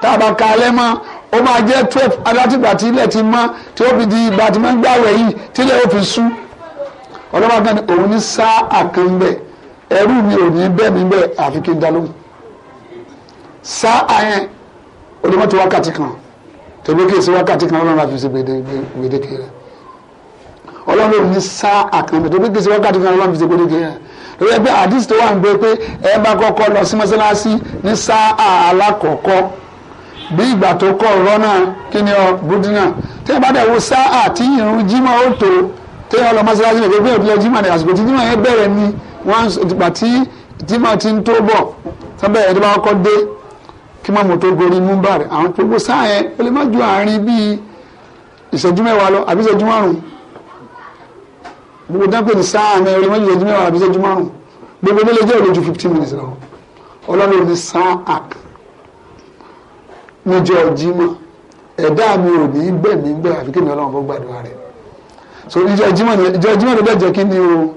tá a bá ka alẹ́ mọ́ ó máa jẹ́ twelve alátìgbà tí ilẹ̀ ti mọ́ tí ó fi di ìgbà tí máa ń gbàwẹ̀ yìí tí ilẹ̀ ó fi sú ọlọ́wọ́ kan ní òun ní sáà kan ẹrú mi ò ní bẹ́ẹ̀ mi bẹ́ẹ̀ àfi kí n dá lóhùn sáà ayẹn onímọ̀tò wákàtí kan tòbí kí n wákàtí kan ọlọ́run àfi ṣe gbèdéke rẹ̀ ọlọ́run ní sá àkànbẹ̀ tó bí gbèsè wákàtí kan ọlọ́run fi ṣe gbódé kẹyà lórí ẹgbẹ́ àdìsí tó wà ń gbé pé ẹ bá kọ́kọ́ lọ sí mọ́sálásí ní sá alákọ̀ọ́kọ́ bí ìgbà tó kọ́ ọ̀rọ̀ náà kí ni ọ bùdínà tí ẹ bá dẹ̀ wo sá àti ìrun jímọ̀ ó tó tí ẹ lọ mọ́sálásí nìkan gbé òbí lọ jímọ̀ ní àsìkò tí jímọ̀ yẹn bẹ̀rẹ̀ ni wọ́n ìgbà tí jímọ̀ ti ń tó bọ̀ sábẹ́ ẹ̀ tó kọ́ dé kí má mo tó gorí múmbàrẹ̀ àwọn gbogbo sáà yẹn ó lè má ju àárín bíi ìṣẹ́jú mẹ́wàá lọ àbí ìṣẹ́jú márùn-ún gbogbo dápè ní sáà mẹ́rin wọ́n yẹ jùmọ̀ àbí sẹ́jú márùn gbogbo ilé jẹ́ òdojú fifteen minutes lọ ọlọ́run ní sáà àk níjọ́ jímọ̀ ẹ̀dá mi ò ní bẹ̀ mí bẹ̀ àfi kí ni ọlọ́run fọ́ gbàdúrà rẹ̀ so ìjọ jímọ̀ ìjọ jímọ̀ ló bẹ̀ jẹ́ kí ni o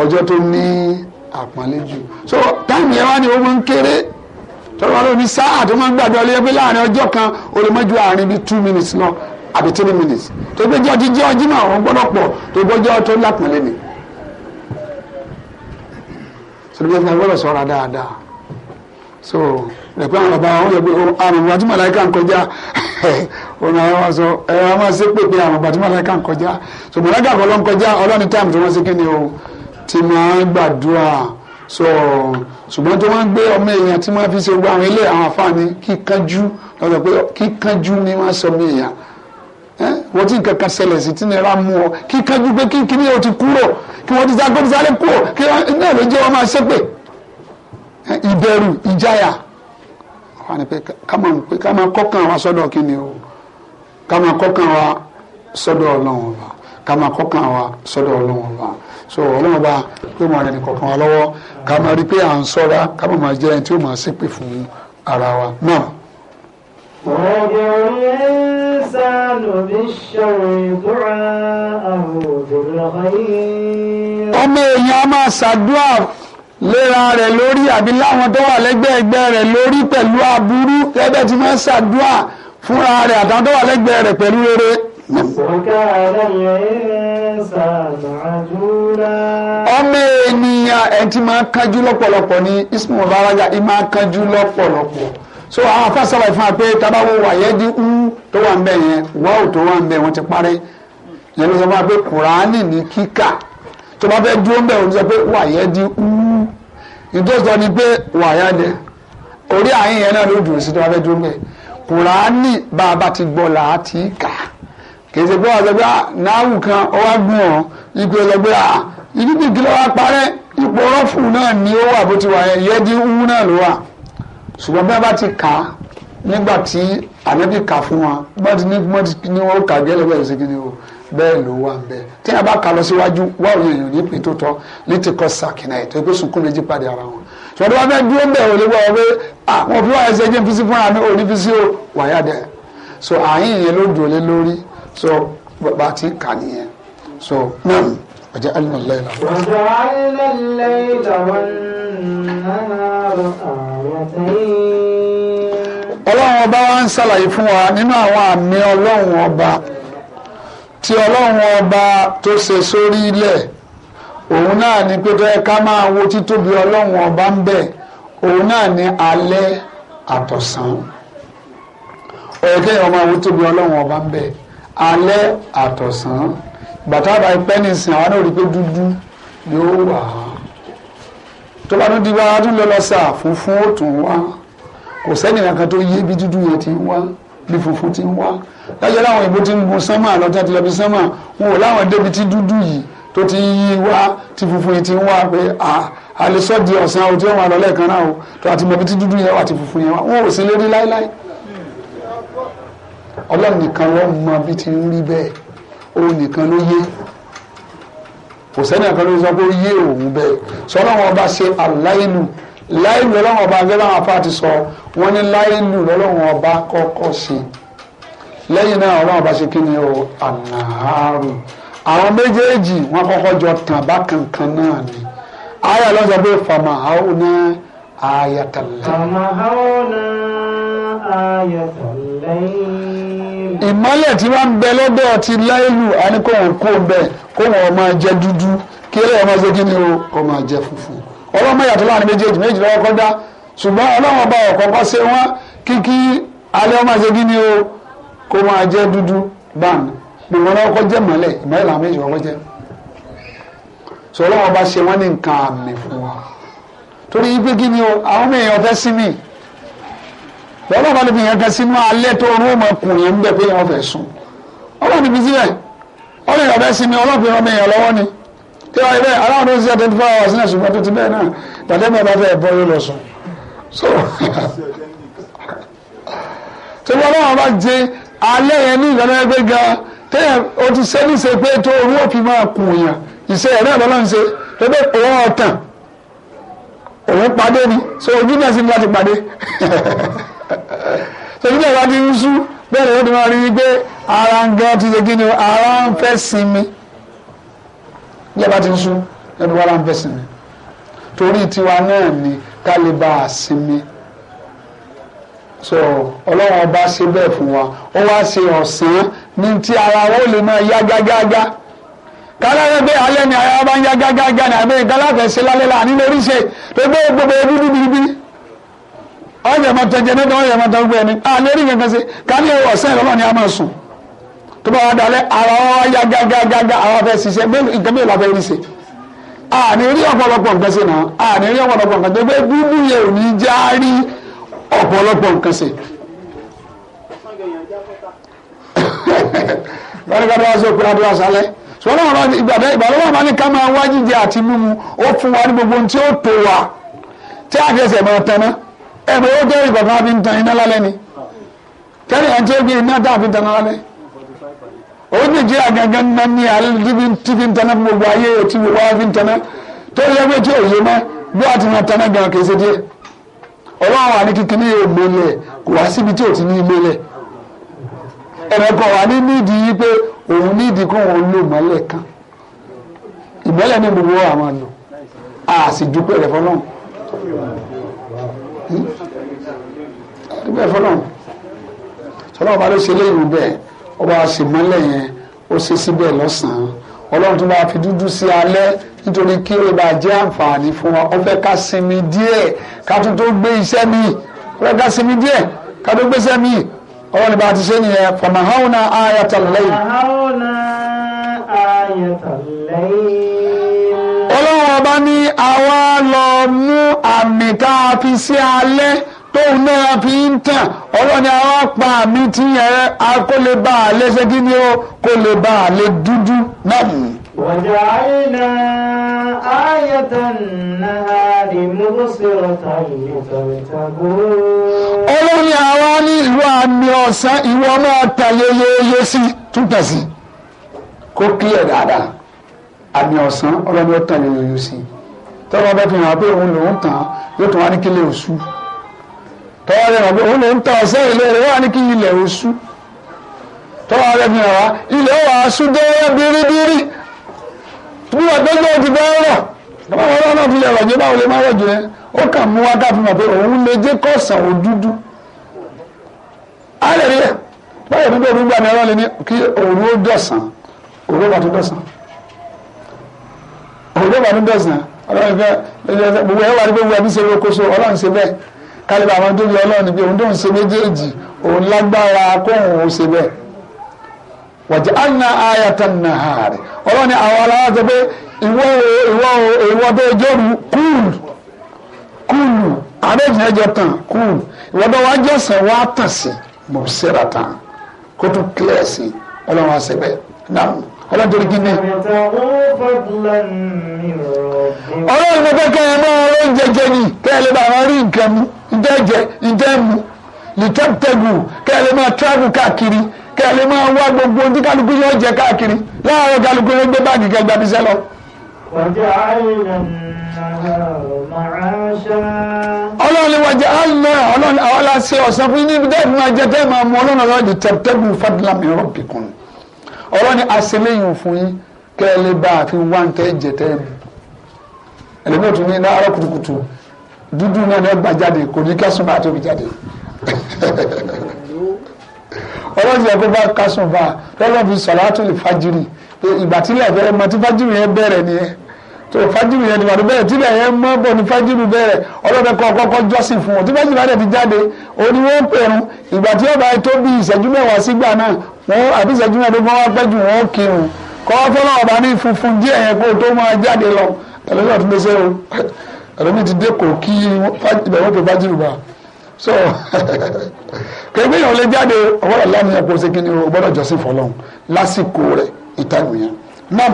ọjọ́ tó ní àpọ́nlé jù so táìmù yẹn wá ni ó máa ń kéré tọ́lá ló ní sáà tó máa ń gbàdúrà lé ẹgbẹ́ láàrin ọjọ́ kan olùmọ́jú àárín bíi two minutes lọ àbí three minutes tó gbé jọ jíjẹ́ ọjí náà wọ́n gbọ́dọ̀ pọ̀ tó gbọ́jọ́ tó lápọ̀lẹ́ ni. sọdọ́gbẹ́ fún wa gbọ́dọ̀ sọ̀rọ̀ dáadáa so lẹ́pẹ́ àwọn bàbá wọn yẹ pé oh, àrùn bàtí màláìka ń kọjá òun àwọn wa sọ ẹ wọn máa ṣe pé pé àrùn bàtí màláìka ń so màláìka kọ́ ló ń kọjá ọlọ́ni táìmù tó wọ́n ṣe kí ni o ti máa ń gbàdúrà so ṣùgbọ́n tó wọ́n gbé ọmọ èèyàn tí wọ́n fi ṣe gbọ́ àwọn ilé àwọn àfààní kíkanjú lọ́dọ̀ pé kíkanjú ni wọ́n sọ mí èèyàn wọ́n ti nǹkan kan ṣẹlẹ̀ sí tí nira mú ọ kí kájú pé kí kíní o ti kúrò kí wọ́n ti sá gbọ́dọ̀ kúrò kí ní ló jẹ́ wọn máa ìbẹ̀rù ní pé kọ́kàn wa sọ́dọ̀ o k'ama kọ́kàn wa sọ́dọ̀ ọlọ́run ọba kọ́kàn wa sọ́dọ̀ so ọlọ́run ọba pé mo kọ̀ọ̀kan wa lọ́wọ́ rí pé à ń sọ́ra máa راجع الإنسان بالشر دعاءه بالخير ọmọ èèyàn máa ṣàdúrà léra rẹ̀ lórí àbí láwọn tó wà lẹ́gbẹ̀ẹ́gbẹ́ rẹ̀ lórí pẹ̀lú aburú gẹ́gẹ́ tí máa ṣàdúrà fúnra rẹ̀ àtàwọn tó wà lẹ́gbẹ̀ẹ́ rẹ̀ pẹ̀lú rere. ọmọ ènìyàn ẹ̀ ti máa kánjú lọ́pọ̀lọpọ̀ ní ismu baraja ì máa kánjú lọ́pọ̀lọpọ̀ so àwọn afásàlà ìfún wa pé tábàwọ̀ wàyẹ́ di ń tó wà ń bẹ̀ yẹn wáwù tó wà ń bẹ̀ wọ́n ti parẹ́ yẹn ló sọ fún wa pé kùránì ní kíkà tó bá fẹ́ dúró ń bẹ̀ wọ́n sọ pé wàyẹ́ di ń ìtòsọ ni pé wàyà dẹ orí àyìn yẹn náà ló dùn sí tó bá fẹ́ dúró ń bẹ̀ kùránì bá a bá ti gbọ́ là á ti kà kìí ṣe pé wọ́n sọ pé ah, náàwù kan ó wá gùn ọ́ ipò ẹ̀ sọ pé ah, ibi kìkì lọ́wọ́ parẹ́ ipò rọ́fù náà ni ó wà bó ti wà yẹn yẹ́ di ń náà ló wà ṣùgbọ́n bí wọ́n bá ti kà á nígbà tí ànábì kà fún wa wọ́n ti ní wọ́n ti ní wọ́n kà gẹ́lẹ́ bẹ́ẹ̀ ṣe kíni o bẹ́ẹ̀ ló wà ń bẹ́ẹ̀ tí wọ́n bá kà lọ síwájú wọ́n ò yẹ̀yàn ní pín tó tọ́ ní ti kọ́ sàkínà ètò ìpè sùnkún méjì padì ara wọn ṣùgbọ́n tí wọ́n fẹ́ dúró bẹ́ẹ̀ ò lè wọ́n wọ́n pé àwọn òfin wàá ẹsẹ̀ jẹ́ fisi fúnra mi ò ní fisi o wàyà dẹ̀ so àyìn yẹn ló dùn lé lórí so bàbá ti kà nìyẹn so náà ọjà alìmọ̀lẹ́yìn làwọn. ọjà alìmọ̀lẹ́yìn làwọn náà ọlọ́run ọba wa ń ṣàlàyé fún wa nínú àwọn àmì ọlọ́run ọba tí ọlọ́run ọba tó ṣe sórí ilẹ̀ òun náà ni pé tó yẹ ká máa wo títóbi ọlọ́run ọba ń bẹ òun náà ni alẹ́ àtọ̀sán ọ̀yẹ́kẹ́yìn ọmọ àwọn títóbi ọlọ́run ọba ń bẹ alẹ́ àtọ̀sán bàtà àbáyé pẹ́ẹ́nì sìn àwọn náà rí i pé dúdú yóò wà á tó bá tún di wá tún lọ lọ sà funfun ó tún wá kò sẹ́nìyàn kan tó yé bí dúdú yẹn ti wá bí funfun ti wá láyé láwọn ìbò ti ń gun sánmà lọ́jà ti lọ bí sánmà wọn ò láwọn débi tí dúdú yìí tó ti yí wá tí funfun yìí ti wá pé àlesọ́ di ọ̀sán ojú ọ̀hún àlọ́ lẹ́ẹ̀kan náà o tó àti mọ̀ bí tí dúdú yẹn wà tí funfun yẹn wá wọn ò sí lérí láéláé ọlọ́run kò sẹ́ni àkàn ló sọ pé yé òun bẹ́ẹ̀ sọlọ́wọ́n ọba ṣe aláìlú láìlú lọ́lọ́wọ́n ọba gẹ́gẹ́ àwọn afá ti sọ wọ́n ní láìlú lọ́lọ́wọ́n ọba kọ́kọ́ ṣe lẹ́yìn náà ọlọ́wọ́n ọba ṣe kí ni o ànàárù àwọn méjèèjì wọ́n kọ́kọ́ jọ tàn bá kankan náà ni ayé lọ́sọ̀ pé fàmà àwọn náà ayatollah. fàmà àwọn náà ayatollah ìmọ́lẹ̀ tí wọ́n ń bẹ lọ́dọ̀ ti láìlù àníkòhùn kó bẹ́ẹ̀ kó wọn máa jẹ dúdú kí ẹlẹ́yìn máa ṣe kí ni o kó máa jẹ funfun ọlọ́mọ yàtọ̀ láàrin méjèèjì méjì lọ́wọ́ kọ́ dá ṣùgbọ́n ọlọ́wọ́ bá ọ̀kọ̀ọ̀kọ́ ṣe wọ́n kíkí alẹ́ ọmọ ṣe kí ni o kó máa jẹ dúdú ban gbogbo ọlọ́wọ́ kọ́ jẹ́ mọ́lẹ̀ ìmọ́lẹ̀ làwọn méjì ọkọ̀ jẹ́ sọ ọlọ́wọ́ ṣe wọ́n ní nǹkan àmì fún wa torí pé lọ́wọ́ bá ní fi yẹn kan sínú alẹ́ tó rún ọmọkùnrin ń bẹ̀ pé yẹn fẹ́ sùn ọlọ́run níbi sílẹ̀ ọlọ́run yẹn fẹ́ sinmi ọlọ́run ọmọ yẹn lọ́wọ́ ni kí wọ́n ibẹ̀ aláwọ̀ tó ń ṣiṣẹ́ twenty four hours náà ṣùgbọ́n tó ti bẹ́ẹ̀ náà tàbí ẹ̀mí ọba fẹ́ bọ́ yóò lọ sùn so tó bọ́ ọlọ́run bá jẹ alẹ́ yẹn ní ìgbàlẹ́ ẹgbẹ́ gan téèyàn o ti ṣe ní ṣe pé tó owó òfì máa kù yàn ìṣe ẹ̀ ni so èyí bẹ́ẹ̀ bá ti ń sú bẹ́ẹ̀ lọ́wọ́ ti máa rí i pé ara ń gan ti ṣe kí ni ara ń fẹ́ sinmi bẹ́ẹ̀ bá ti ń sú ẹni wọ́n ara ń fẹ́ sinmi torí tiwa náà ni ká lè bá a sinmi so ọlọ́run ọba ṣe bẹ́ẹ̀ fún wa ó wá ṣe ọ̀sán ní ti ara wọn ò lè máa yá gágágá kálẹ́rẹ́ bẹ́ẹ̀ alẹ́ ni ara bá ń yá gágágá ni àbẹ́yẹ kálá fẹ́ ṣe lálẹ́ là nílẹ̀ oríṣẹ́ tó gbé gbogbo ebi bíbí bíbí ọ̀yọ̀ yẹn máa tẹ jẹnẹtọ̀ ọ̀yọ̀ yẹn máa tẹ gbẹ ni a lè rí kankan sí káni ọ̀sẹ̀ ìrọ̀lọ́ ni a máa sùn tó bá wà dalẹ̀ ara wa ya gágágágá àwọn afẹ́ ṣiṣẹ́ bẹ́ẹ̀ nǹkan bẹ́ẹ̀ làbẹ́ rí ṣe àní rí ọ̀pọ̀lọpọ̀ nǹkan ṣe náà àní rí ọ̀pọ̀lọpọ̀ nǹkan tó gbé búbú yẹn ò ní já rí ọ̀pọ̀lọpọ̀ nǹkan ṣe. lọ́dún kan tó wá sí òpin adúlá sálẹ̀ sọ́dọ̀ ọ̀rọ̀ ìgbàdá ìgbàlọ́wọ́ máa ní ká máa wá jíjẹ àti mímu ó fún wa ní gbogbo ohun tí ó tó wa tí àfẹ́sẹ̀ máa tán náà ẹ pé ó kẹ́rì kọ̀ọ̀kan fi ń tan iná lálẹ́ ni kẹ́rì ẹ̀ ń tẹ́ gbé iná tá a fi tan lálẹ́ òun nàìjíríà gangan náà ní alẹ́dìbí tí fi ń taná gbogbo ayé tí gbogbo ayé fi ń taná tó yẹ pé tí òye mọ́ bí wàá ti máa taná gan kìí ṣe díẹ̀ ọlọ́run àní kíkiri yóò gbélé kò wá síbi tí ò ti ní gbélé ẹ̀rẹ̀kọ̀ wà ní nídìí yìí pé òun nídìí kó òun lò mọ́lẹ̀ kan ìmọ́lẹ̀ ní gbogbo àwọn àlò àṣìjú pé fọlọ́run bẹ́ẹ̀ fọlọ́n sọlọ́n ọba ló ṣe léyìn bẹ́ẹ̀ ọba àṣemọ́lẹ̀ yẹn ó ṣe síbẹ̀ lọ́sàn-án ọlọ́run tó bá fi dúdú sí alẹ́ nítorí kí ó bá jẹ́ àǹfààní fún wa ó fẹ́ ká sinmi díẹ̀ ká tún tó gbé iṣẹ́ mi ó fẹ́ ká sinmi díẹ̀ ká tó gbé iṣẹ́ mi ọwọ́ ni bá ti ṣe nìyẹn fọmahàúnà ayatul layl. fọmahàúnà ayatul layl ọlọ́run ọba ní àwa lọ mú àmì tá a fi sí alẹ́ tóun náà fi ń tàn ọlọ́ni àwọn apá mi ti yẹn akólébá lẹ́sẹ̀ kí ni ó kólébá lè dúdú náà mú. وجعلنا آية النهار مبصرة لتبتغوا ọlọ́run ni àwa ní ìlú àmì ọ̀sán ìwọ máa ta yeyeye sí túntà sí kó kílẹ̀ dáadáa àmì ọ̀sán ọlọ́run ni yeyeye sí tọ́wọ́ bá fi hàn pé òun lòún tàn yóò tún wá ní kílẹ̀ oṣù tọ́wọ́ rẹ̀ hàn pé òun ló ń ta ọ̀sẹ́ ilé rẹ̀ wà ní kí ilẹ̀ ò sú tọ́wọ́ rẹ̀ fi hàn wá ilẹ̀ wà á sú dẹ́rẹ́ biribiri bí wọ́n gbẹ́gbẹ́ ti bẹ́ rọ̀ báwo wọn náà fi lè rọ̀jẹ́ báwo lè má rọ̀jẹ́ ó kàn mú wá káfí mọ̀ pé òun lè jẹ́ kọ̀ọ̀sán òdúdú á rí ẹ̀ báyọ̀ nígbà òun gbà ní ọ̀rọ̀ lé ní kí òru ó dọ̀sán òru ó bá dọ̀sán òru ó bá dọ̀sán ọlọ́run fẹ́ gbogbo ẹ̀ wà ní gbogbo ẹ̀ bí ṣe lóko ọlọ́run ṣe bẹ́ẹ̀ kálíbà àwọn tó yọ ọlọ́run ni pé òun tó ń ṣe méjèèjì òun lágbára kóhùn ó ṣe bẹ́ẹ̀ wọ̀jẹ̀ àná ayàtà nàárẹ̀ ọlọ́run ni àwọn aláwọ̀ sọ pé ìwọ ìwọ ìwọ tó jọ́rù kúùlù kúùlù àbẹ̀jẹ̀ ẹjọ́ tán kúùlù ìwọ tó wá jọ̀sán wá tàn sí mọ̀ tán kó tó kílẹ̀ sí ọlọ́run àṣẹ bẹ́ẹ̀ náà ọlọ́run torí kí ni. ọlọ́run mo fẹ́ kẹ́ ẹ mọ́ oúnjẹ jẹ ni kẹ́ ẹ lè bá wọn rí nǹkan mu ǹjẹ́ jẹ ǹjẹ́ mu lìtẹ́tẹ́gù kẹ́ ẹ lè máa travel káàkiri kẹ́ ẹ lè máa wá gbogbo ojú kálukú yóò jẹ káàkiri láàárọ̀ kálukú yóò gbé báàgì kẹ́ gbàbí lọ. ọlọ́run lè wájà àlùmọ́ ọlọ́run àwọn aláṣẹ ọ̀sán fún yín níbi dẹ́ẹ̀bù máa jẹ dẹ́ẹ̀ máa mú ọlọ́run ọlọ́run ọlọ́ni aseléyìn fún yín kẹ́ ẹ lè bá àfi wá ń tẹ́ jẹ tẹ́ mu ẹlẹ́mi ò tún ní náírà kùtùkùtù dúdú náà ní ọgbà jáde kò ní kẹ́sùn bá tóbi jáde ọlọ́ni ẹ̀kọ́ bá kásùn bá lọ́lọ́run fi sàlátù lè fàjìrì ìgbà tílẹ̀ bẹ̀rẹ̀ mọ tí fàjìrì yẹn bẹ̀rẹ̀ nìyẹn tó fàjìrì yẹn tìmọ̀tò bẹ̀rẹ̀ tílẹ̀ yẹn mọ́ bọ̀ ní fàjìrì bẹ̀rẹ̀ ọlọ́dẹ kọ́ kọ́kọ́ jọ́sìn fún wọn tí fàjìrì bá dẹ̀ ti jáde òní wọ́n pẹ̀rùn ìgbà tí ọba tó ìṣẹ́jú mẹ́wàá sígbà náà wọn àbí ìṣẹ́jú mẹ́ẹ̀ẹ́dógún wọn pẹ́ wọn kírun kọ́ fọlọ́ ọba ní funfun díẹ̀ yẹn kó tó máa jáde lọ ẹ̀rọ náà tún lè ṣe ẹ̀rọ mi ti dé kò kí ibẹ̀ wọ́n tó bá jù so kébí yẹn ò lè jáde ọ̀wọ́dà lánìyàn kó ṣe kí o gbọ́dọ̀ jọ́sìn fọlọ́n lásìkò rẹ̀ ìtàgùn yẹn náà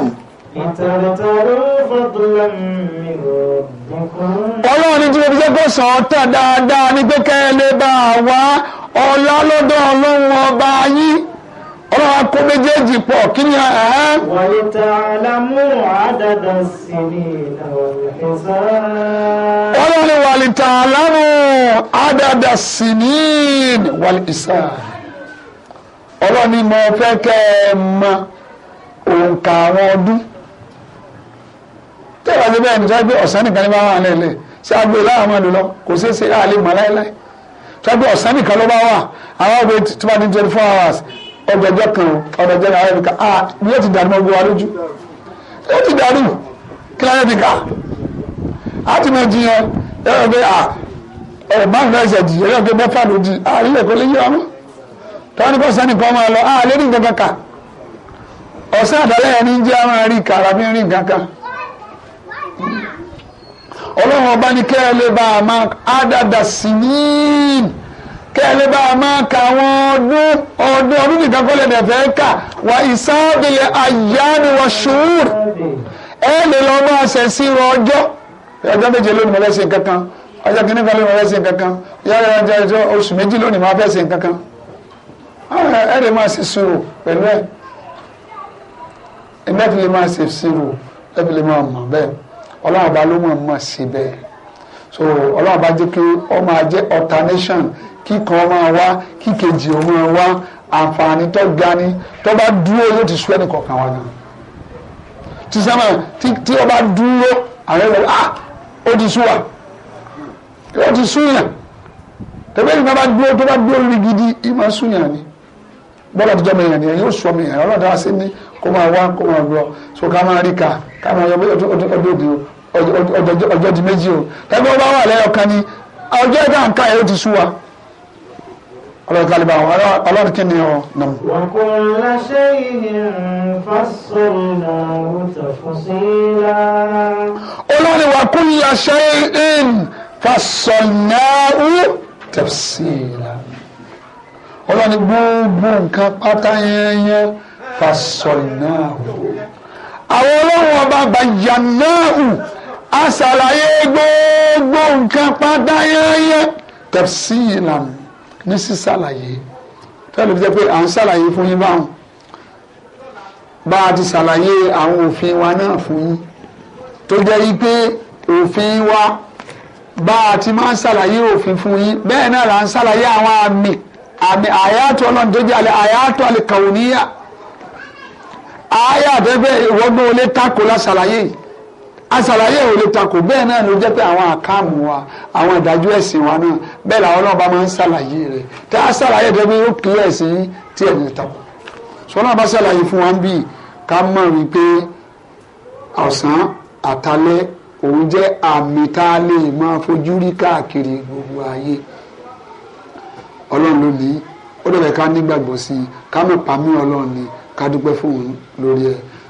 ọlọ́run ní tí fi jẹ́ kó sàn ọ́ tàn dáadáa ní pé kẹ́ ẹ lè bá a wá ọlá lọ́dọ̀ ọlọ́run ọba yín ọlọ́wà kó méjèèjì pọ̀ kí ni àhán. wàyí tá a la mú àdàdà sí ni ọlọ́run ni wàlí tá a lámú àdàdà sí ni wàlí ìsà ọlọ́run ni mo fẹ́ kẹ́ ẹ mọ òǹkà àwọn ọdún tẹ́lá ti bẹ́ẹ̀ nítorí pé ọ̀sán nìkan ní bá wà lẹ́lẹ̀ ṣé agbo láwọn ọmọ lọ kò ṣeé ṣe láàlẹ́ mọ́ láéláé tọ́jú ọ̀sán nìkan ló bá wà àwọn ọgbẹ́ tí wọ́n ti twenty hours ọgbẹ̀jọ́ kan ọgbẹ̀jọ́ kan ayẹ́bìkà a ni ó ti dàrú mọ́ gbogbo wa lójú ó ti dàrú kí ayẹ́bìkà a ti máa jiyàn ẹ̀rọ pé a ẹ̀rọ márùn náà ṣe jìyàn ẹ̀rọ pé mẹ́fà ló di a ah, ilé ẹ̀kọ́ lè yí ọmọ tọ́wọ́n ní kò sẹ́ni kan máa lọ a ah, lè ní nǹkan kan ọ̀sán àdálẹ́ ẹni jẹ́ àwọn arìn kàrà bí rìn kankan ọlọ́run ọba ní kẹ́ lè bá a máa á dáadáa sí níìlì kẹ́lẹ́ bá a máa ka àwọn ọdún ọdún ọdún nìkan kọ́lẹ̀ dẹ̀ fẹ́ kà wà ìsáàbìlẹ̀ àyáni wà ṣùúr ẹ lè lọ máa ṣẹ̀ sí irun ọjọ́ ọjọ́ méje lónìí mo fẹ́ ṣe nǹkan kan ọjọ́ kìíní kan lónìí mo fẹ́ ṣe nǹkan kan yára ọjọ́ ọjọ́ oṣù méjì lónìí mo fẹ́ ṣe nǹkan kan ah, ẹ lè máa ṣe sùúrù pẹ̀lú ẹ̀ ẹ fi lè máa ṣe sùúrù ẹ fi lè máa mọ̀ bẹ́ẹ̀ ọlọ́run ọba ló mọ̀ mọ̀ sí bẹ́ẹ̀ so ọlọ́run ọba jẹ́ kí ọ máa jẹ́ alternation kíkan máa wá kíkejì ó máa wá àǹfààní tó ga ni tó bá dúró yóò ti sú ẹnìkọ̀ọ̀kan wa náà tí sábà tí ó bá dúró àwọn ẹ̀rọ ah ó ti sú wa ó ti sú yàn tẹ̀wé yìí bá dúró tó bá dúró rí gidi ìmọ̀ sú yàn ni bọ́lá tó jọmọ yàn ni yóò sọ mi yàn ọlọ́dà sí ni kó máa wá kó máa gbọ́ so ká máa rí ka ká máa yọ bí ọjọ́ di ọjọ́ di méjì o tẹ̀wé bá wà lẹ́yọ̀ kan ni ọjọ́ ìdáǹkà yóò ti sú wa ọlọ́run kálíbà àwọn ọlọ́run kí ni ọ nà. wa kulla shay'in fassalnahu tafsila. olórí wa kulla shay'in fassalnahu tafsila. olórí gbogbo nǹkan pátá yẹnyẹn fassalnahu. àwọn olórí wọn bá bayyanahu a ṣàlàyé gbogbo nǹkan pátá yẹnyẹn tafsila ní sísàlàyé tẹ́lẹ̀ fi jẹ́ pé à ń sàlàyé fún yín báwọn bá a ti sàlàyé àwọn òfin wa náà fún yín tó jẹ́ yí pé òfin wa bá a ti máa ń sàlàyé òfin fún yín bẹ́ẹ̀ náà là ń sàlàyé àwọn àmì àmì àyàtọ̀ ọlọ́run tó jẹ́ àlẹ́ àyàtọ̀ àlẹ́ kàwé níyà àyà àtẹ́fẹ́ ìwọ́gbọ́n olé tako la sàlàyé yìí àṣàlàyé ò lè takò bẹ́ẹ̀ náà ló jẹ́ pé àwọn àkáàmù wa àwọn ìdájọ́ ẹ̀sìn wa náà bẹ́ẹ̀ làwọn náà bá máa ń ṣàlàyé rẹ̀ tá a ṣàlàyé tẹ́bí yóò kílẹ̀ sí tí ẹ̀ lè takò sọlá bá ṣàlàyé fún wa ń bì ká mọ̀ wípé ọ̀sán àtàlẹ́ òun jẹ́ àmì tá a lè máa fojú rí káàkiri gbogbo ayé ọlọ́run ló ní ó dọ̀bẹ̀ ká nígbàgbọ́ sí i ká mọ̀ pàmí ọlọ́run ni ká dúpẹ́ fóun lórí ẹ̀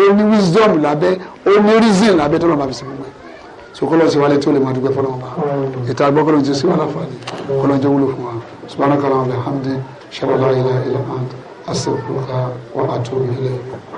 ó ní wisdom lábẹ́ ó ní reason lábẹ́ tó lọ́n bá fi ṣe gbogbo ẹ̀ sokolo si wale tí o lè máa dúpẹ́ fọlọ́n ba ìta gbọ́ kọ́lọ́n ti sí wàhálà fani kọ́lọ́n jẹ́ wúlò fún wa subahana kala wa alhamdi shalala ilaha illa anta astaghfiruka wa atubu ilayk.